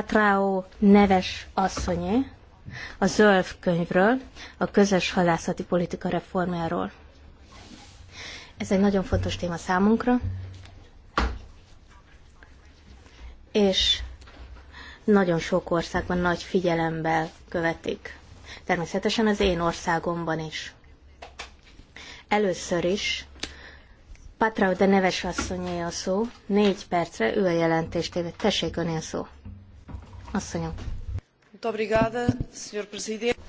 Atrao neves asszonyé a zöld könyvről, a közös halászati politika reformjáról. Ez egy nagyon fontos téma számunkra, és nagyon sok országban nagy figyelemmel követik. Természetesen az én országomban is. Először is Patrao de Neves asszonyé a szó, négy percre ő a jelentést téved. Tessék a szó. Asszonyom.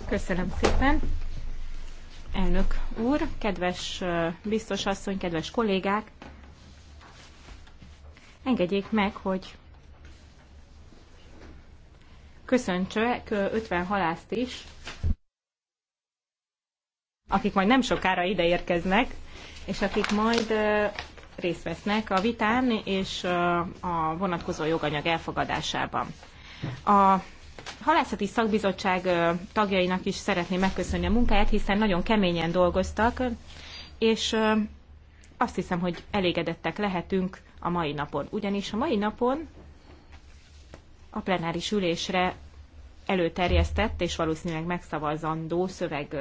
Köszönöm szépen. Elnök úr, kedves biztos asszony, kedves kollégák, engedjék meg, hogy köszöntsök 50 halászt is, akik majd nem sokára ide érkeznek, és akik majd részt vesznek a vitán és a vonatkozó joganyag elfogadásában. A halászati szakbizottság tagjainak is szeretném megköszönni a munkáját, hiszen nagyon keményen dolgoztak, és azt hiszem, hogy elégedettek lehetünk a mai napon. Ugyanis a mai napon a plenáris ülésre előterjesztett és valószínűleg megszavazandó szöveg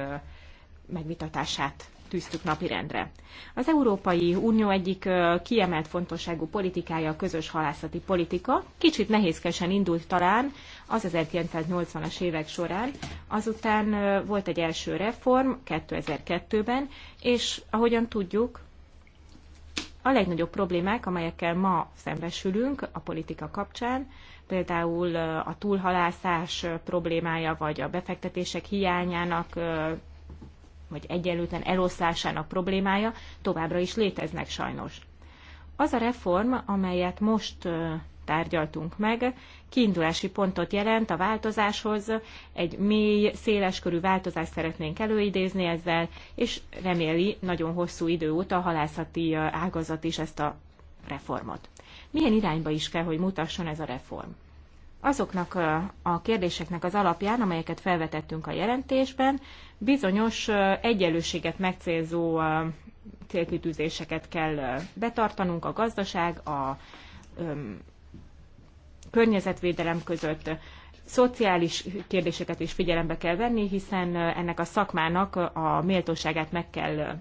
megvitatását tűztük napirendre. Az Európai Unió egyik kiemelt fontosságú politikája a közös halászati politika. Kicsit nehézkesen indult talán az 1980-as évek során, azután volt egy első reform 2002-ben, és ahogyan tudjuk, a legnagyobb problémák, amelyekkel ma szembesülünk a politika kapcsán, például a túlhalászás problémája, vagy a befektetések hiányának vagy egyenlőtlen eloszlásának problémája továbbra is léteznek sajnos. Az a reform, amelyet most tárgyaltunk meg, kiindulási pontot jelent a változáshoz, egy mély, széleskörű változást szeretnénk előidézni ezzel, és reméli nagyon hosszú idő óta a halászati ágazat is ezt a reformot. Milyen irányba is kell, hogy mutasson ez a reform? Azoknak a kérdéseknek az alapján, amelyeket felvetettünk a jelentésben, bizonyos egyenlőséget megcélzó célkitűzéseket kell betartanunk a gazdaság, a környezetvédelem között. Szociális kérdéseket is figyelembe kell venni, hiszen ennek a szakmának a méltóságát meg kell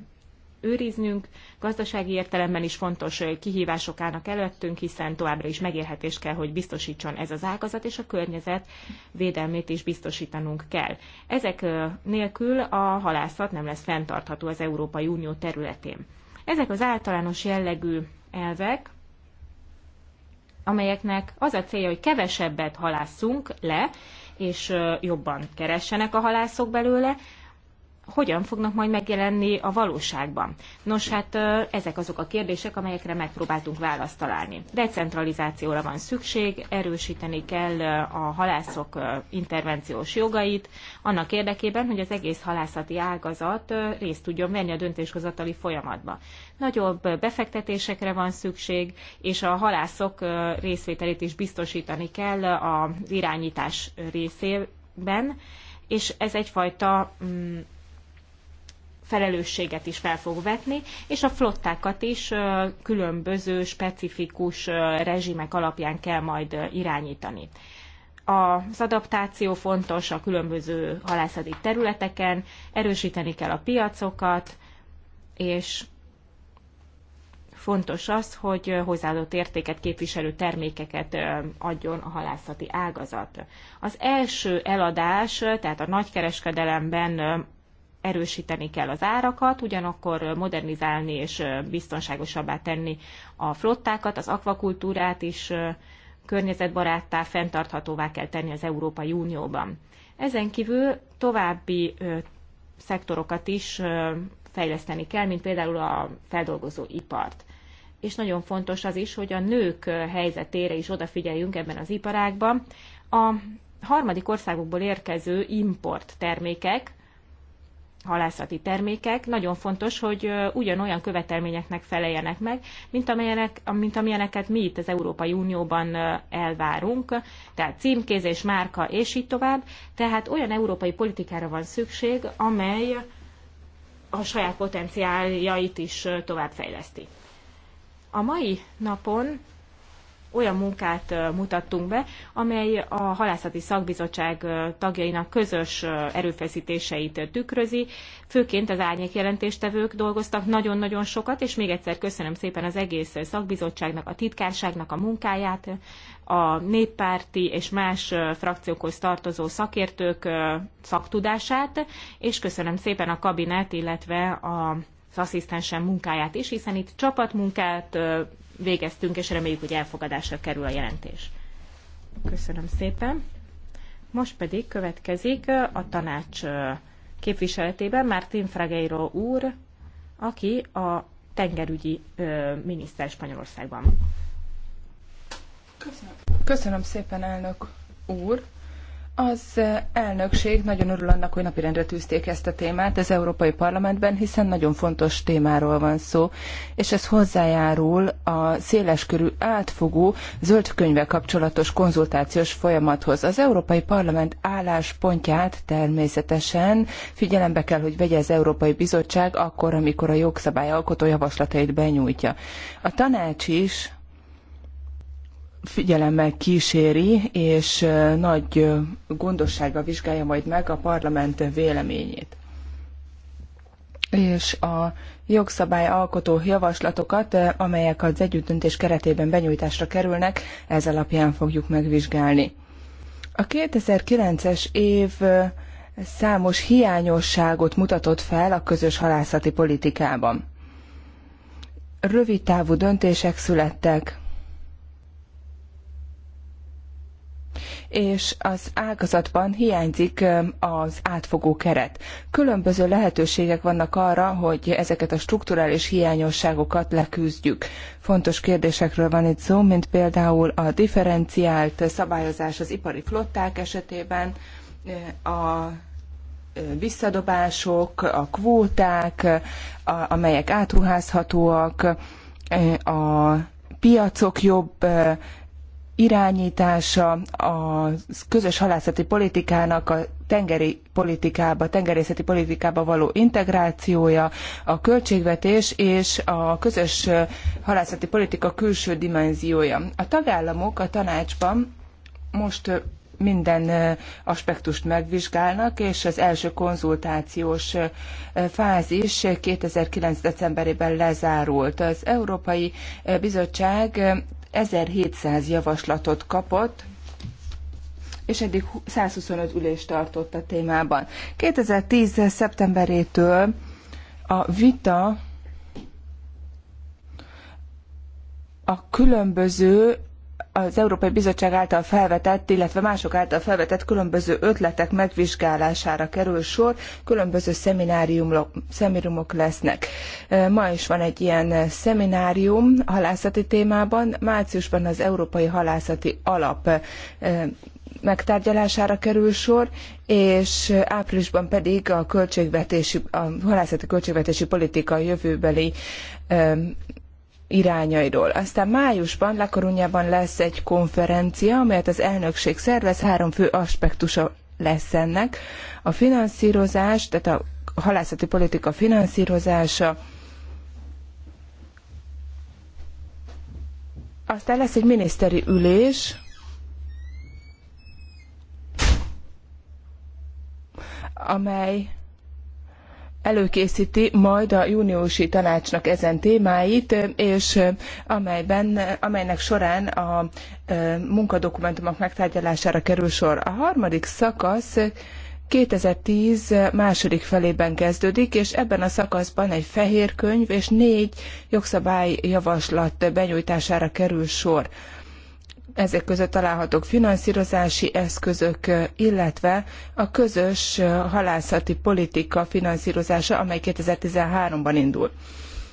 őriznünk. Gazdasági értelemben is fontos kihívások állnak előttünk, hiszen továbbra is megélhetés kell, hogy biztosítson ez az ágazat, és a környezet védelmét is biztosítanunk kell. Ezek nélkül a halászat nem lesz fenntartható az Európai Unió területén. Ezek az általános jellegű elvek, amelyeknek az a célja, hogy kevesebbet halásszunk le, és jobban keressenek a halászok belőle, hogyan fognak majd megjelenni a valóságban. Nos, hát ezek azok a kérdések, amelyekre megpróbáltunk választ találni. Decentralizációra van szükség, erősíteni kell a halászok intervenciós jogait, annak érdekében, hogy az egész halászati ágazat részt tudjon venni a döntéshozatali folyamatba. Nagyobb befektetésekre van szükség, és a halászok részvételét is biztosítani kell az irányítás részében, és ez egyfajta mm, felelősséget is fel fog vetni, és a flottákat is különböző specifikus rezsimek alapján kell majd irányítani. Az adaptáció fontos a különböző halászati területeken, erősíteni kell a piacokat, és fontos az, hogy hozzáadott értéket képviselő termékeket adjon a halászati ágazat. Az első eladás, tehát a nagykereskedelemben erősíteni kell az árakat, ugyanakkor modernizálni és biztonságosabbá tenni a flottákat, az akvakultúrát is környezetbaráttá, fenntarthatóvá kell tenni az Európai Unióban. Ezen kívül további szektorokat is fejleszteni kell, mint például a feldolgozó ipart. És nagyon fontos az is, hogy a nők helyzetére is odafigyeljünk ebben az iparágban. A harmadik országokból érkező import termékek halászati termékek, nagyon fontos, hogy ugyanolyan követelményeknek feleljenek meg, mint, amelyenek, mint amilyeneket mi itt az Európai Unióban elvárunk, tehát címkézés, márka és így tovább. Tehát olyan európai politikára van szükség, amely a saját potenciáljait is továbbfejleszti. A mai napon olyan munkát mutattunk be, amely a halászati szakbizottság tagjainak közös erőfeszítéseit tükrözi. Főként az árnyék jelentéstevők dolgoztak nagyon-nagyon sokat, és még egyszer köszönöm szépen az egész szakbizottságnak, a titkárságnak a munkáját, a néppárti és más frakciókhoz tartozó szakértők szaktudását, és köszönöm szépen a kabinet, illetve a az asszisztensem munkáját is, hiszen itt csapatmunkát végeztünk, és reméljük, hogy elfogadásra kerül a jelentés. Köszönöm szépen. Most pedig következik uh, a tanács uh, képviseletében Martin Frageiro úr, aki a tengerügyi uh, miniszter Spanyolországban. Köszönöm. Köszönöm szépen, elnök úr. Az elnökség nagyon örül annak, hogy napirendre tűzték ezt a témát az Európai Parlamentben, hiszen nagyon fontos témáról van szó, és ez hozzájárul a széleskörű átfogó zöld könyve kapcsolatos konzultációs folyamathoz. Az Európai Parlament álláspontját természetesen figyelembe kell, hogy vegye az Európai Bizottság akkor, amikor a jogszabály alkotó javaslatait benyújtja. A tanács is figyelemmel kíséri, és nagy gondossággal vizsgálja majd meg a parlament véleményét. És a jogszabályalkotó javaslatokat, amelyek az együttdöntés keretében benyújtásra kerülnek, ez alapján fogjuk megvizsgálni. A 2009-es év számos hiányosságot mutatott fel a közös halászati politikában. Rövid távú döntések születtek, és az ágazatban hiányzik az átfogó keret. Különböző lehetőségek vannak arra, hogy ezeket a strukturális hiányosságokat leküzdjük. Fontos kérdésekről van itt szó, mint például a differenciált szabályozás az ipari flották esetében, a visszadobások, a kvóták, amelyek átruházhatóak, a piacok jobb irányítása, a közös halászati politikának a tengeri politikába, tengerészeti politikába való integrációja, a költségvetés és a közös halászati politika külső dimenziója. A tagállamok a tanácsban most minden aspektust megvizsgálnak, és az első konzultációs fázis 2009. decemberében lezárult. Az Európai Bizottság 1700 javaslatot kapott, és eddig 125 ülést tartott a témában. 2010. szeptemberétől a vita a különböző az Európai Bizottság által felvetett, illetve mások által felvetett különböző ötletek megvizsgálására kerül sor, különböző szemináriumok, lesznek. Ma is van egy ilyen szeminárium halászati témában, márciusban az Európai Halászati Alap megtárgyalására kerül sor, és áprilisban pedig a, költségvetési, a halászati költségvetési politika jövőbeli irányairól. Aztán májusban Lakorunyában lesz egy konferencia, amelyet az elnökség szervez, három fő aspektusa lesz ennek. A finanszírozás, tehát a halászati politika finanszírozása, aztán lesz egy miniszteri ülés, amely előkészíti majd a júniusi tanácsnak ezen témáit, és amelyben, amelynek során a munkadokumentumok megtárgyalására kerül sor. A harmadik szakasz 2010 második felében kezdődik, és ebben a szakaszban egy fehér könyv és négy jogszabályjavaslat benyújtására kerül sor. Ezek között találhatók finanszírozási eszközök, illetve a közös halászati politika finanszírozása, amely 2013-ban indul.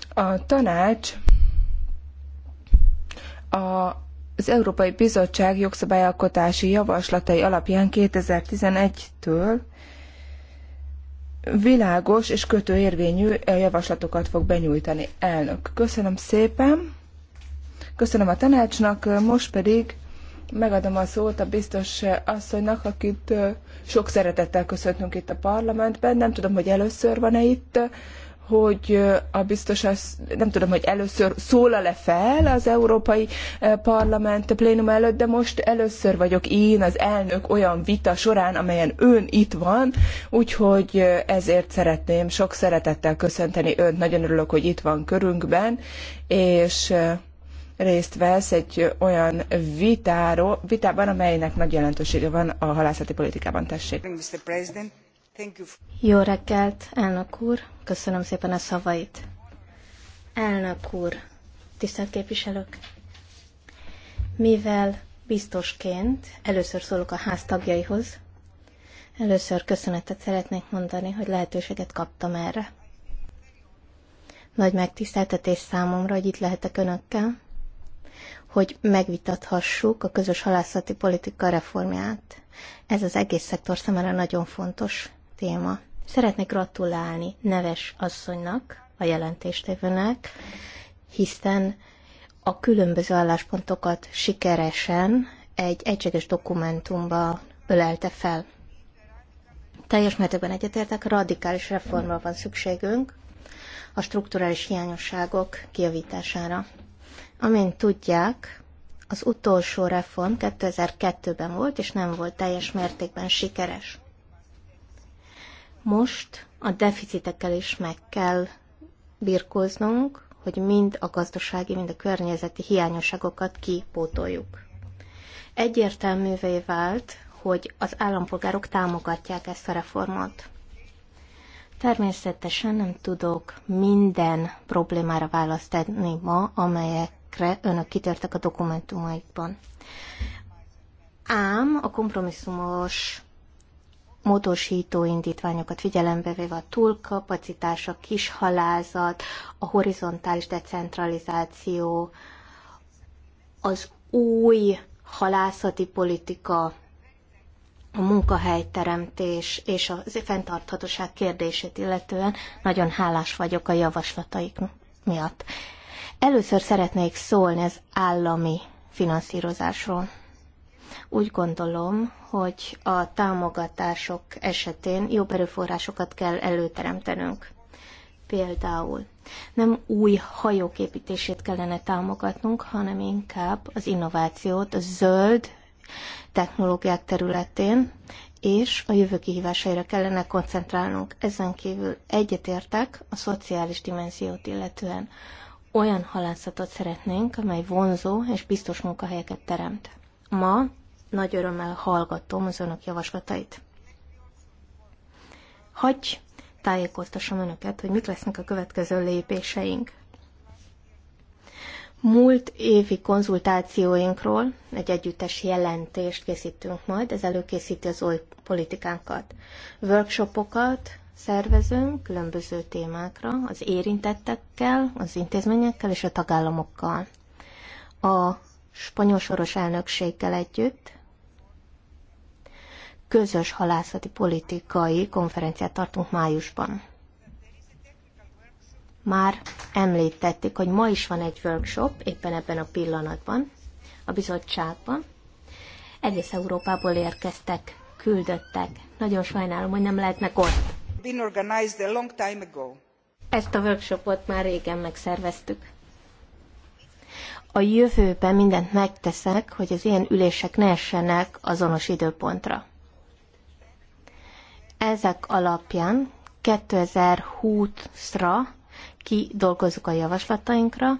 A tanács a az Európai Bizottság jogszabályalkotási javaslatai alapján 2011-től világos és kötőérvényű javaslatokat fog benyújtani. Elnök, köszönöm szépen. Köszönöm a tanácsnak, most pedig megadom a szót a biztos asszonynak, akit sok szeretettel köszöntünk itt a parlamentben. Nem tudom, hogy először van-e itt, hogy a biztos, az, nem tudom, hogy először szólal-e fel az Európai Parlament plénum előtt, de most először vagyok én az elnök olyan vita során, amelyen ön itt van, úgyhogy ezért szeretném sok szeretettel köszönteni önt. Nagyon örülök, hogy itt van körünkben, és részt vesz egy olyan vitáról, vitában, amelynek nagy jelentősége van a halászati politikában. Tessék. Jó reggelt, elnök úr! Köszönöm szépen a szavait. Elnök úr, tisztelt képviselők! Mivel biztosként először szólok a ház tagjaihoz, először köszönetet szeretnék mondani, hogy lehetőséget kaptam erre. Nagy megtiszteltetés számomra, hogy itt lehetek önökkel, hogy megvitathassuk a közös halászati politika reformját. Ez az egész szektor számára nagyon fontos téma. Szeretnék gratulálni neves asszonynak, a jelentéstévőnek, hiszen a különböző álláspontokat sikeresen egy egységes dokumentumba ölelte fel. Teljes mértékben egyetértek, radikális reformra van szükségünk a strukturális hiányosságok kiavítására. Amint tudják, az utolsó reform 2002-ben volt, és nem volt teljes mértékben sikeres. Most a deficitekkel is meg kell birkóznunk, hogy mind a gazdasági, mind a környezeti hiányosságokat kipótoljuk. Egyértelművé vált, hogy az állampolgárok támogatják ezt a reformot. Természetesen nem tudok minden problémára választ adni ma, amelyek amelyekre önök kitértek a dokumentumaikban. Ám a kompromisszumos módosító indítványokat figyelembe véve a túlkapacitás, a kishalázat, a horizontális decentralizáció, az új halászati politika, a munkahelyteremtés és a fenntarthatóság kérdését illetően nagyon hálás vagyok a javaslataik miatt. Először szeretnék szólni az állami finanszírozásról. Úgy gondolom, hogy a támogatások esetén jobb erőforrásokat kell előteremtenünk. Például nem új hajók építését kellene támogatnunk, hanem inkább az innovációt a zöld technológiák területén, és a jövő kihívásaira kellene koncentrálnunk. Ezen kívül egyetértek a szociális dimenziót illetően olyan halászatot szeretnénk, amely vonzó és biztos munkahelyeket teremt. Ma nagy örömmel hallgatom az önök javaslatait. Hagy tájékoztassam önöket, hogy mik lesznek a következő lépéseink. Múlt évi konzultációinkról egy együttes jelentést készítünk majd, ez előkészíti az új politikánkat. Workshopokat, szervezünk különböző témákra, az érintettekkel, az intézményekkel és a tagállamokkal. A spanyol soros elnökséggel együtt közös halászati politikai konferenciát tartunk májusban. Már említették, hogy ma is van egy workshop, éppen ebben a pillanatban, a bizottságban. Egész Európából érkeztek küldöttek. Nagyon sajnálom, hogy nem lehetnek ott been organized a long time ago. Ezt a workshopot már régen megszerveztük. A jövőben mindent megteszek, hogy az ilyen ülések ne essenek azonos időpontra. Ezek alapján 2020-ra kidolgozzuk a javaslatainkra,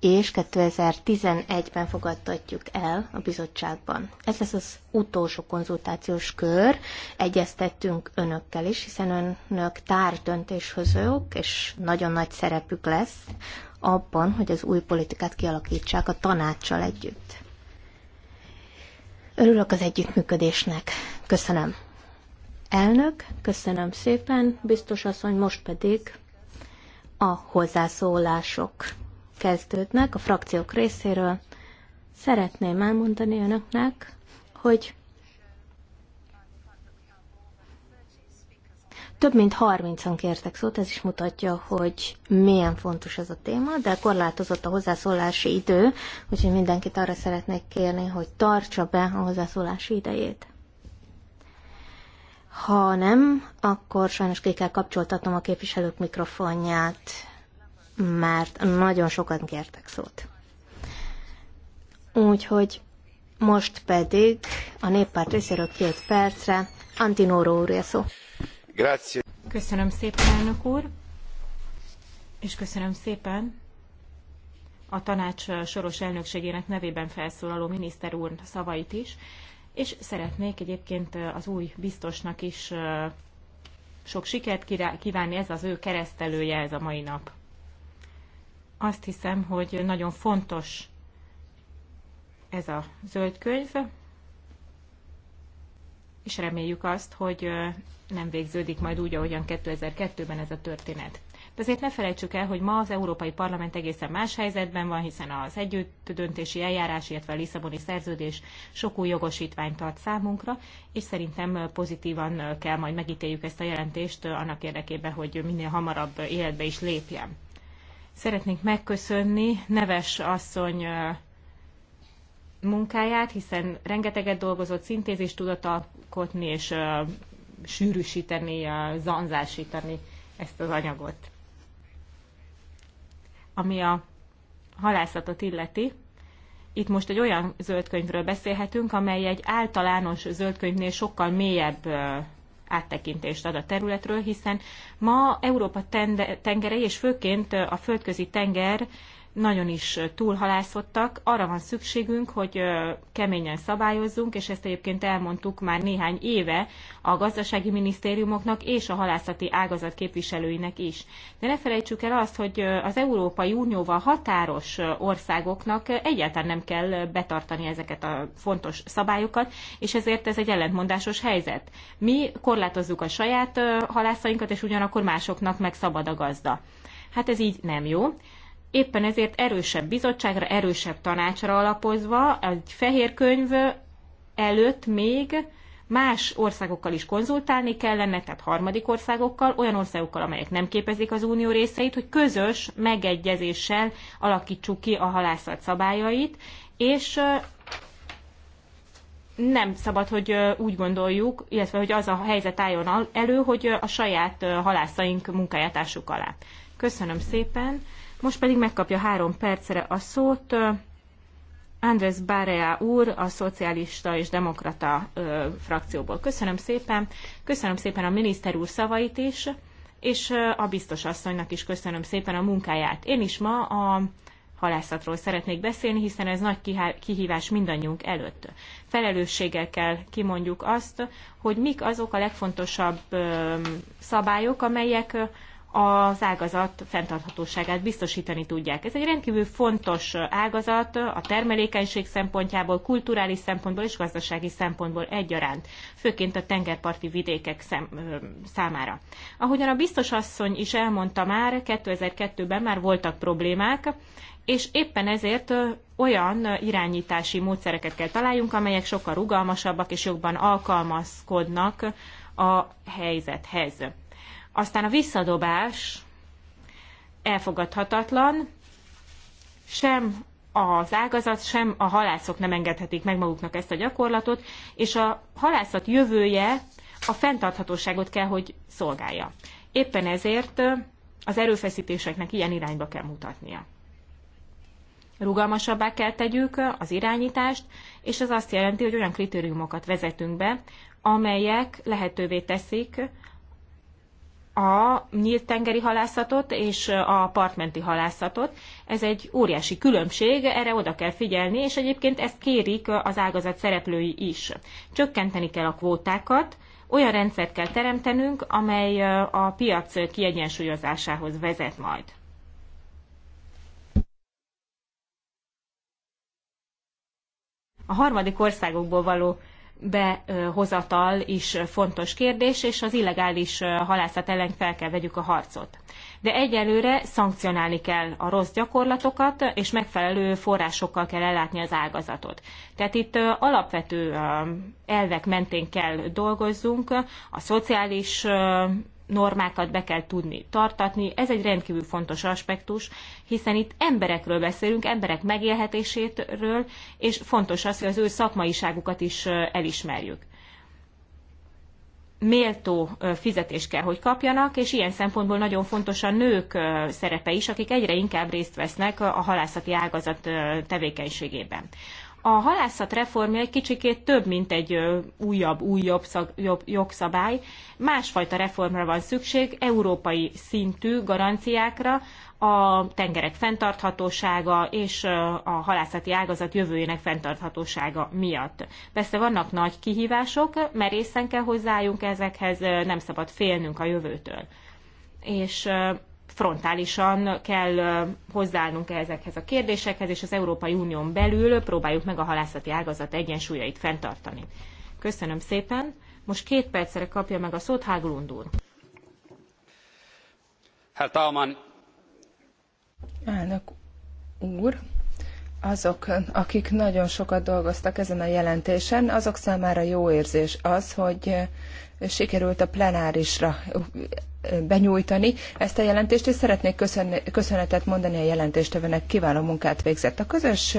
és 2011-ben fogadtatjuk el a bizottságban. Ez lesz az utolsó konzultációs kör, egyeztettünk önökkel is, hiszen önök tárgydöntéshozók, és nagyon nagy szerepük lesz abban, hogy az új politikát kialakítsák a tanácssal együtt. Örülök az együttműködésnek. Köszönöm. Elnök, köszönöm szépen, biztos asszony, most pedig a hozzászólások kezdődnek a frakciók részéről. Szeretném elmondani önöknek, hogy több mint 30-an kértek szót, ez is mutatja, hogy milyen fontos ez a téma, de korlátozott a hozzászólási idő, úgyhogy mindenkit arra szeretnék kérni, hogy tartsa be a hozzászólási idejét. Ha nem, akkor sajnos ki kell kapcsoltatnom a képviselők mikrofonját mert nagyon sokan kértek szót. Úgyhogy most pedig a néppárt részéről két percre Antinóró úr szó. Grazie. Köszönöm szépen, elnök úr, és köszönöm szépen a tanács soros elnökségének nevében felszólaló miniszter úr szavait is, és szeretnék egyébként az új biztosnak is sok sikert kívánni, ez az ő keresztelője ez a mai nap azt hiszem, hogy nagyon fontos ez a zöld könyv, és reméljük azt, hogy nem végződik majd úgy, ahogyan 2002-ben ez a történet. De azért ne felejtsük el, hogy ma az Európai Parlament egészen más helyzetben van, hiszen az együtt döntési eljárás, illetve a Lisszaboni szerződés sok új jogosítványt tart számunkra, és szerintem pozitívan kell majd megítéljük ezt a jelentést annak érdekében, hogy minél hamarabb életbe is lépjen. Szeretnénk megköszönni Neves asszony munkáját, hiszen rengeteget dolgozott szintézis tudott alkotni és sűrűsíteni, zanzásítani ezt az anyagot. Ami a halászatot illeti, itt most egy olyan zöldkönyvről beszélhetünk, amely egy általános zöldkönyvnél sokkal mélyebb áttekintést ad a területről, hiszen ma Európa tengerei és főként a földközi tenger nagyon is túlhalászottak. Arra van szükségünk, hogy keményen szabályozzunk, és ezt egyébként elmondtuk már néhány éve a gazdasági minisztériumoknak és a halászati ágazat képviselőinek is. De ne felejtsük el azt, hogy az Európai Unióval határos országoknak egyáltalán nem kell betartani ezeket a fontos szabályokat, és ezért ez egy ellentmondásos helyzet. Mi korlátozzuk a saját halászainkat, és ugyanakkor másoknak meg szabad a gazda. Hát ez így nem jó. Éppen ezért erősebb bizottságra, erősebb tanácsra alapozva, egy fehér könyv előtt még más országokkal is konzultálni kellene, tehát harmadik országokkal, olyan országokkal, amelyek nem képezik az unió részeit, hogy közös megegyezéssel alakítsuk ki a halászat szabályait, és nem szabad, hogy úgy gondoljuk, illetve hogy az a helyzet álljon elő, hogy a saját halászaink munkáját alá. Köszönöm szépen! Most pedig megkapja három percre a szót Andrés Barea úr, a szocialista és demokrata ö, frakcióból. Köszönöm szépen. Köszönöm szépen a miniszter úr szavait is, és a biztos asszonynak is köszönöm szépen a munkáját. Én is ma a halászatról szeretnék beszélni, hiszen ez nagy kihívás mindannyiunk előtt. Felelősséggel kell kimondjuk azt, hogy mik azok a legfontosabb szabályok, amelyek az ágazat fenntarthatóságát biztosítani tudják. Ez egy rendkívül fontos ágazat a termelékenység szempontjából, kulturális szempontból és gazdasági szempontból egyaránt, főként a tengerparti vidékek szem, ö, számára. Ahogyan a biztos asszony is elmondta már, 2002-ben már voltak problémák, és éppen ezért olyan irányítási módszereket kell találjunk, amelyek sokkal rugalmasabbak és jobban alkalmazkodnak a helyzethez. Aztán a visszadobás elfogadhatatlan, sem az ágazat, sem a halászok nem engedhetik meg maguknak ezt a gyakorlatot, és a halászat jövője a fenntarthatóságot kell, hogy szolgálja. Éppen ezért az erőfeszítéseknek ilyen irányba kell mutatnia. Rugalmasabbá kell tegyük az irányítást, és ez azt jelenti, hogy olyan kritériumokat vezetünk be, amelyek lehetővé teszik a nyílt tengeri halászatot és a partmenti halászatot. Ez egy óriási különbség, erre oda kell figyelni, és egyébként ezt kérik az ágazat szereplői is. Csökkenteni kell a kvótákat, olyan rendszert kell teremtenünk, amely a piac kiegyensúlyozásához vezet majd. A harmadik országokból való behozatal is fontos kérdés, és az illegális halászat ellen fel kell vegyük a harcot. De egyelőre szankcionálni kell a rossz gyakorlatokat, és megfelelő forrásokkal kell ellátni az ágazatot. Tehát itt alapvető elvek mentén kell dolgozzunk, a szociális normákat be kell tudni tartatni. Ez egy rendkívül fontos aspektus, hiszen itt emberekről beszélünk, emberek megélhetésétről, és fontos az, hogy az ő szakmaiságukat is elismerjük méltó fizetést kell, hogy kapjanak, és ilyen szempontból nagyon fontos a nők szerepe is, akik egyre inkább részt vesznek a halászati ágazat tevékenységében. A halászat reformja egy kicsikét több, mint egy újabb, újabb szag, jobb, jogszabály. Másfajta reformra van szükség, európai szintű garanciákra, a tengerek fenntarthatósága és a halászati ágazat jövőjének fenntarthatósága miatt. Persze vannak nagy kihívások, merészen kell hozzájunk ezekhez, nem szabad félnünk a jövőtől. És frontálisan kell hozzáállnunk ezekhez a kérdésekhez, és az Európai Unión belül próbáljuk meg a halászati ágazat egyensúlyait fenntartani. Köszönöm szépen. Most két percre kapja meg a szót Háglund úr. Herr Talman. Elnök úr, azok, akik nagyon sokat dolgoztak ezen a jelentésen, azok számára jó érzés az, hogy sikerült a plenárisra benyújtani ezt a jelentést, és szeretnék köszönetet mondani a jelentéstevőnek, kiváló munkát végzett. A közös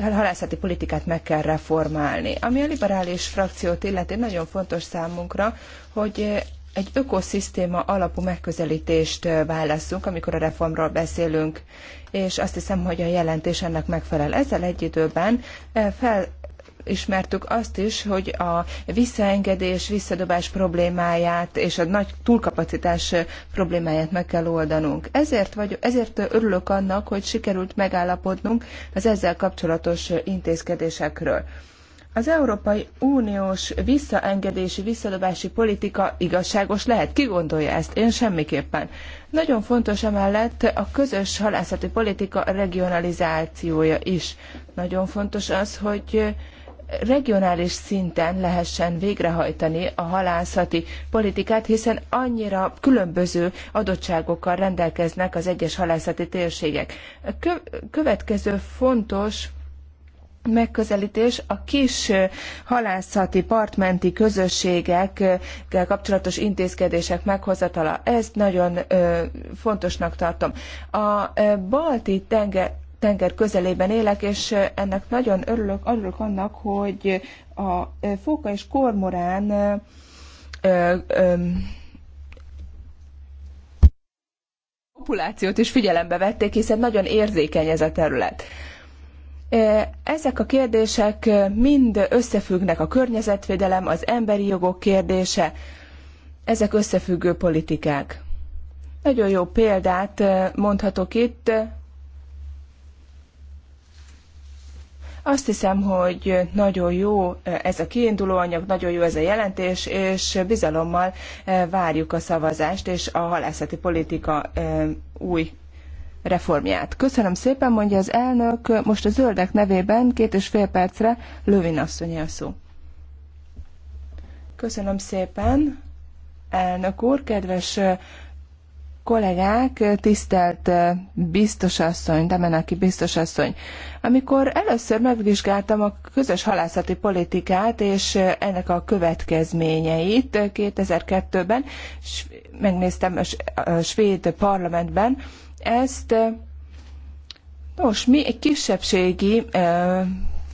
halászati politikát meg kell reformálni. Ami a liberális frakciót illeti, nagyon fontos számunkra, hogy egy ökoszisztéma alapú megközelítést válasszunk, amikor a reformról beszélünk, és azt hiszem, hogy a jelentés ennek megfelel. Ezzel egy időben fel ismertük azt is, hogy a visszaengedés, visszadobás problémáját és a nagy túlkapacitás problémáját meg kell oldanunk. Ezért, vagy, ezért örülök annak, hogy sikerült megállapodnunk az ezzel kapcsolatos intézkedésekről. Az Európai Uniós visszaengedési, visszadobási politika igazságos lehet? Ki gondolja ezt? Én semmiképpen. Nagyon fontos emellett a közös halászati politika regionalizációja is. Nagyon fontos az, hogy regionális szinten lehessen végrehajtani a halászati politikát, hiszen annyira különböző adottságokkal rendelkeznek az egyes halászati térségek. A következő fontos megközelítés a kis halászati partmenti közösségekkel kapcsolatos intézkedések meghozatala. Ezt nagyon fontosnak tartom. A balti tenger tenger közelében élek, és ennek nagyon örülök, örülök annak, hogy a fóka és kormorán populációt is figyelembe vették, hiszen nagyon érzékeny ez a terület. Ezek a kérdések mind összefüggnek a környezetvédelem, az emberi jogok kérdése, ezek összefüggő politikák. Nagyon jó példát mondhatok itt, Azt hiszem, hogy nagyon jó eh, ez a kiindulóanyag, anyag, nagyon jó ez a jelentés, és bizalommal eh, várjuk a szavazást és a halászati politika eh, új reformját. Köszönöm szépen, mondja az elnök, most a zöldek nevében két és fél percre Lövin asszony a szó. Köszönöm szépen, elnök úr, kedves kollégák, tisztelt biztosasszony, Demenaki biztosasszony, amikor először megvizsgáltam a közös halászati politikát és ennek a következményeit 2002-ben, megnéztem a svéd parlamentben, ezt Nos, mi egy kisebbségi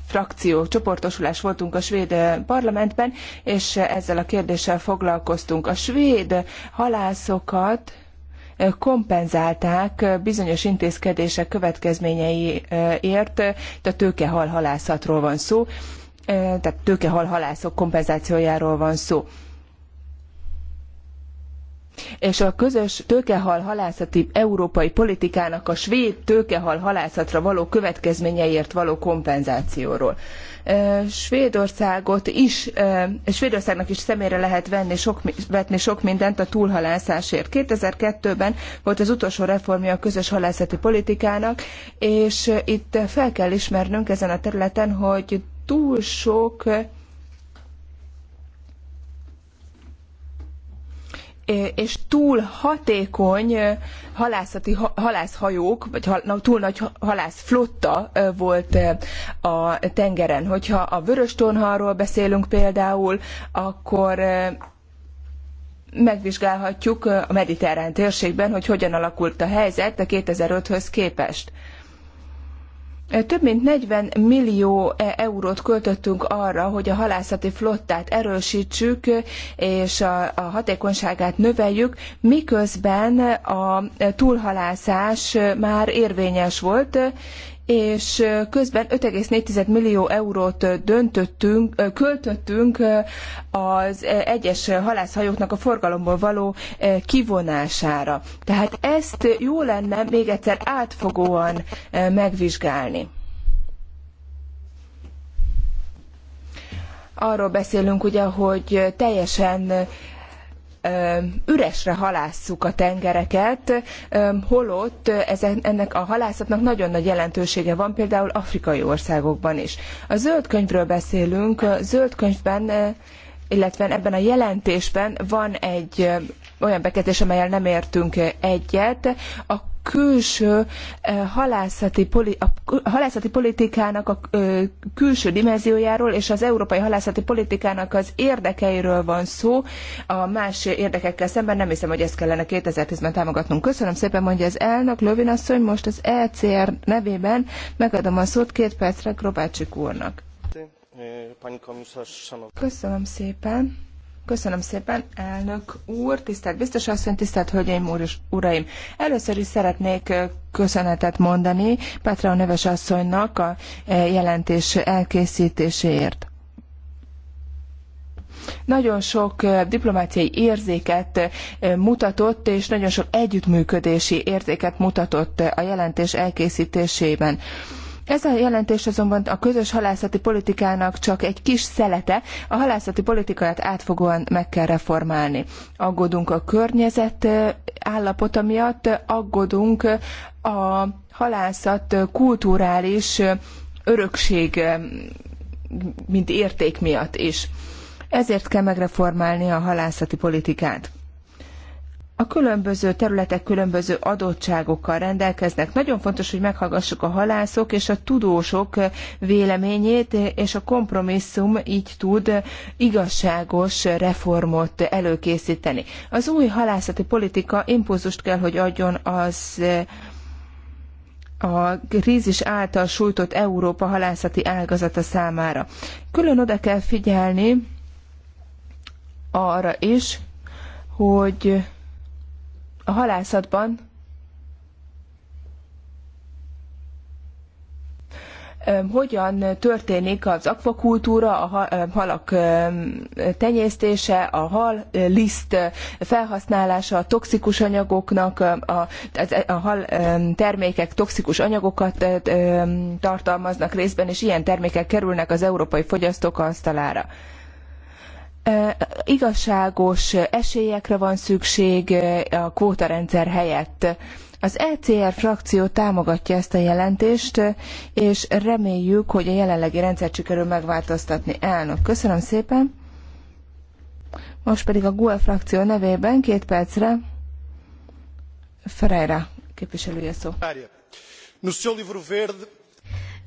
frakció, csoportosulás voltunk a svéd parlamentben, és ezzel a kérdéssel foglalkoztunk. A svéd halászokat kompenzálták bizonyos intézkedések következményeiért, itt a tőkehal halászatról van szó, tehát tőkehal halászok kompenzációjáról van szó és a közös tőkehal halászati európai politikának a svéd tőkehal halászatra való következményeiért való kompenzációról. Svédországot is, Svédországnak is szemére lehet venni sok, vetni sok mindent a túlhalászásért. 2002-ben volt az utolsó reformja a közös halászati politikának, és itt fel kell ismernünk ezen a területen, hogy túl sok és túl hatékony halászati halászhajók, vagy túl nagy halászflotta volt a tengeren. Hogyha a vörös tonhalról beszélünk például, akkor megvizsgálhatjuk a mediterrán térségben, hogy hogyan alakult a helyzet a 2005-höz képest. Több mint 40 millió e, eurót költöttünk arra, hogy a halászati flottát erősítsük és a, hatékonyságát növeljük, miközben a túlhalászás már érvényes volt, és közben 5,4 millió eurót döntöttünk, költöttünk az egyes halászhajóknak a forgalomból való kivonására. Tehát ezt jó lenne még egyszer átfogóan megvizsgálni. Arról beszélünk ugye, hogy teljesen üresre halásszuk a tengereket, holott ezen, ennek a halászatnak nagyon nagy jelentősége van, például afrikai országokban is. A zöld könyvről beszélünk, a zöld könyvben illetve ebben a jelentésben van egy olyan bekezdés, amelyel nem értünk egyet, a külső eh, halászati, a halászati politikának a eh, külső dimenziójáról és az európai halászati politikának az érdekeiről van szó. A más érdekekkel szemben nem hiszem, hogy ezt kellene 2010-ben támogatnunk. Köszönöm szépen, mondja az elnök. Lövin asszony most az ECR nevében megadom a szót két percre Grobácsik úrnak. Köszönöm szépen. Köszönöm szépen, elnök úr, tisztelt biztos asszony, tisztelt hölgyeim, úr és uraim. Először is szeretnék köszönetet mondani Petra Neves asszonynak a jelentés elkészítéséért. Nagyon sok diplomáciai érzéket mutatott, és nagyon sok együttműködési érzéket mutatott a jelentés elkészítésében. Ez a jelentés azonban a közös halászati politikának csak egy kis szelete, a halászati politikát átfogóan meg kell reformálni. Aggódunk a környezet állapota miatt, aggódunk a halászat kulturális örökség, mint érték miatt is. Ezért kell megreformálni a halászati politikát a különböző területek különböző adottságokkal rendelkeznek. Nagyon fontos, hogy meghallgassuk a halászok és a tudósok véleményét, és a kompromisszum így tud igazságos reformot előkészíteni. Az új halászati politika impulzust kell, hogy adjon az a krízis által sújtott Európa halászati ágazata számára. Külön oda kell figyelni arra is, hogy a halászatban hogyan történik az akvakultúra, a halak tenyésztése, a hal liszt felhasználása, a toxikus anyagoknak, a, e, a hal termékek toxikus anyagokat tartalmaznak részben, és ilyen termékek kerülnek az európai fogyasztók asztalára igazságos esélyekre van szükség a kvótarendszer helyett. Az ECR frakció támogatja ezt a jelentést, és reméljük, hogy a jelenlegi rendszert sikerül megváltoztatni. Elnök, köszönöm szépen. Most pedig a GUE frakció nevében két percre Ferreira képviselője szó.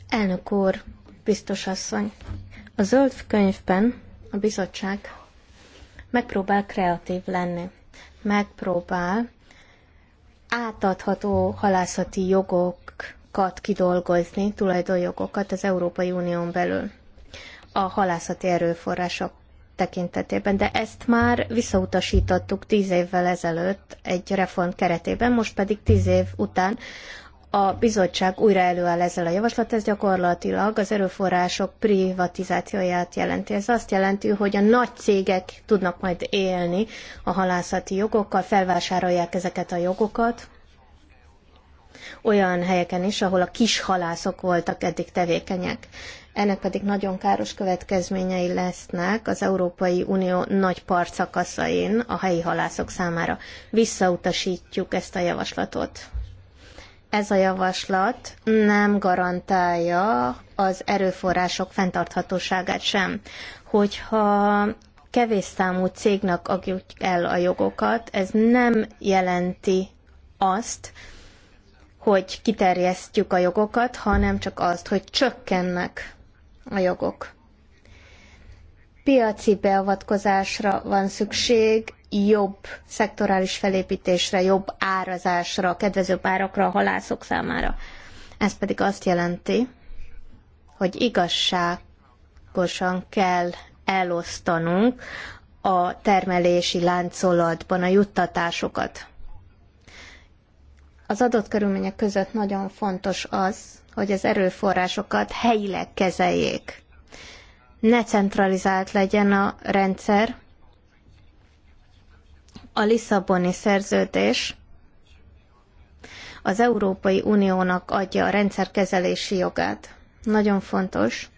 Elnök úr, biztos asszony, a zöld könyvben a bizottság megpróbál kreatív lenni, megpróbál átadható halászati jogokat kidolgozni, tulajdonjogokat az Európai Unión belül a halászati erőforrások tekintetében, de ezt már visszautasítottuk tíz évvel ezelőtt egy reform keretében, most pedig tíz év után a bizottság újra előáll ezzel a javaslat, ez gyakorlatilag az erőforrások privatizációját jelenti. Ez azt jelenti, hogy a nagy cégek tudnak majd élni a halászati jogokkal, felvásárolják ezeket a jogokat, olyan helyeken is, ahol a kis halászok voltak eddig tevékenyek. Ennek pedig nagyon káros következményei lesznek az Európai Unió nagy partszakaszain a helyi halászok számára. Visszautasítjuk ezt a javaslatot ez a javaslat nem garantálja az erőforrások fenntarthatóságát sem. Hogyha kevés számú cégnek adjuk el a jogokat, ez nem jelenti azt, hogy kiterjesztjük a jogokat, hanem csak azt, hogy csökkennek a jogok. Piaci beavatkozásra van szükség, jobb szektorális felépítésre, jobb árazásra, kedvezőbb árakra a halászok számára. Ez pedig azt jelenti, hogy igazságosan kell elosztanunk a termelési láncolatban a juttatásokat. Az adott körülmények között nagyon fontos az, hogy az erőforrásokat helyileg kezeljék. Ne centralizált legyen a rendszer, a Lisszaboni szerződés az Európai Uniónak adja a rendszerkezelési jogát. Nagyon fontos,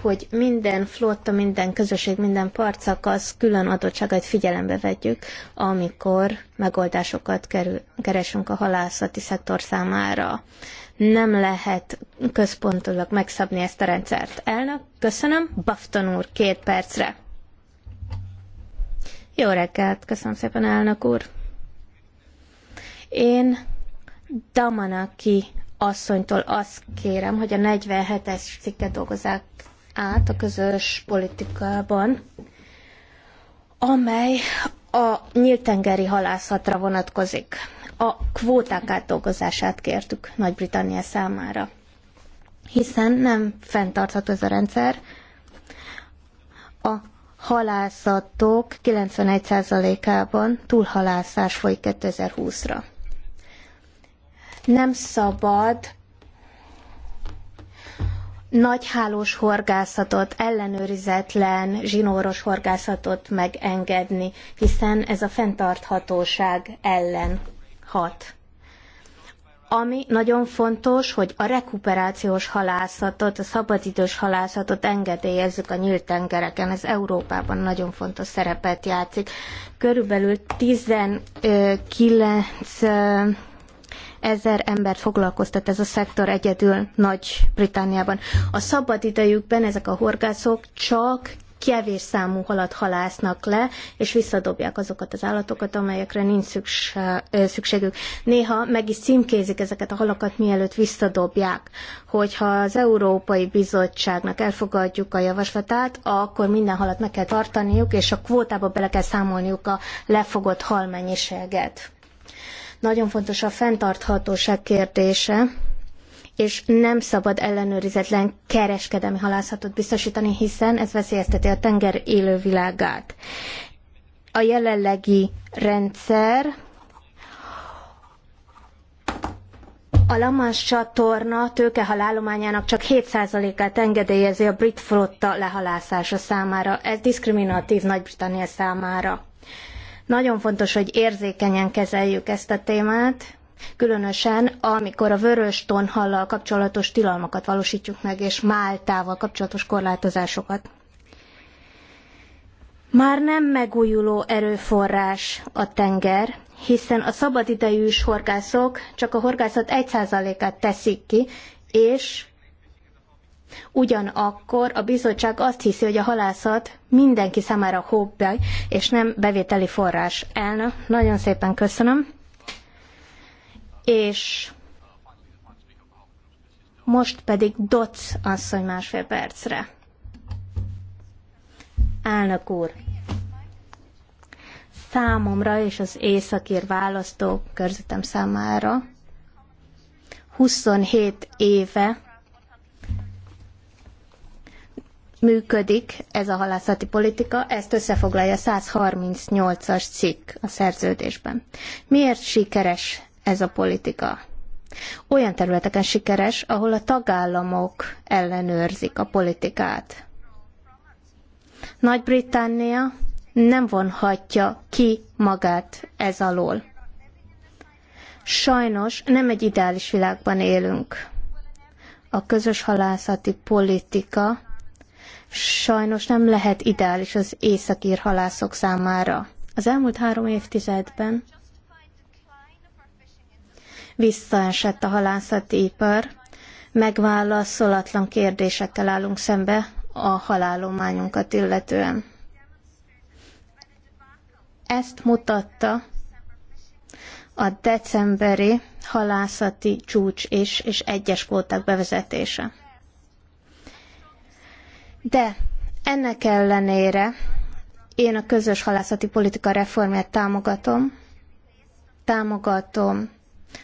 hogy minden flotta, minden közösség, minden partszakasz külön adottságait figyelembe vegyük, amikor megoldásokat kerül, keresünk a halászati szektor számára. Nem lehet központilag megszabni ezt a rendszert. Elnök, köszönöm. Bafton úr, két percre. Jó reggelt, köszönöm szépen, elnök úr. Én Damanaki asszonytól azt kérem, hogy a 47-es cikket dolgozzák át a közös politikában, amely a nyíltengeri halászatra vonatkozik. A kvóták átdolgozását kértük Nagy-Britannia számára, hiszen nem fenntartható ez a rendszer. A halászatok 91%-ában túlhalászás folyik 2020-ra. Nem szabad nagyhálós horgászatot, ellenőrizetlen, zsinóros horgászatot megengedni, hiszen ez a fenntarthatóság ellen hat ami nagyon fontos, hogy a rekuperációs halászatot, a szabadidős halászatot engedélyezzük a nyílt tengereken. Ez Európában nagyon fontos szerepet játszik. Körülbelül 19 ezer embert foglalkoztat ez a szektor egyedül Nagy-Britániában. A szabadidejükben ezek a horgászok csak kevés számú halat halásznak le, és visszadobják azokat az állatokat, amelyekre nincs szükségük. Néha meg is címkézik ezeket a halakat, mielőtt visszadobják. Hogyha az Európai Bizottságnak elfogadjuk a javaslatát, akkor minden halat meg kell tartaniuk, és a kvótába bele kell számolniuk a lefogott hal mennyiséget. Nagyon fontos a fenntarthatóság kérdése és nem szabad ellenőrizetlen kereskedelmi halászatot biztosítani, hiszen ez veszélyezteti a tenger élővilágát. A jelenlegi rendszer a Lamans csatorna tőkehalállományának csak 7%-át engedélyezi a brit flotta lehalászása számára. Ez diszkriminatív Nagy-Britannia számára. Nagyon fontos, hogy érzékenyen kezeljük ezt a témát, Különösen, amikor a vörös tonhallal kapcsolatos tilalmakat valósítjuk meg, és Máltával kapcsolatos korlátozásokat. Már nem megújuló erőforrás a tenger, hiszen a szabadidejű horgászok csak a horgászat 1%-át teszik ki, és ugyanakkor a bizottság azt hiszi, hogy a halászat mindenki számára hobbi, és nem bevételi forrás. Elnök, nagyon szépen köszönöm és most pedig Doc asszony másfél percre. Elnök úr, számomra és az északír választó körzetem számára 27 éve működik ez a halászati politika, ezt összefoglalja 138-as cikk a szerződésben. Miért sikeres ez a politika. Olyan területeken sikeres, ahol a tagállamok ellenőrzik a politikát. Nagy-Britannia nem vonhatja ki magát ez alól. Sajnos nem egy ideális világban élünk. A közös halászati politika sajnos nem lehet ideális az északír halászok számára. Az elmúlt három évtizedben visszaesett a halászati ipar, megválaszolatlan kérdésekkel állunk szembe a halálományunkat illetően. Ezt mutatta a decemberi halászati csúcs és, és egyes kvóták bevezetése. De ennek ellenére én a közös halászati politika reformját támogatom, támogatom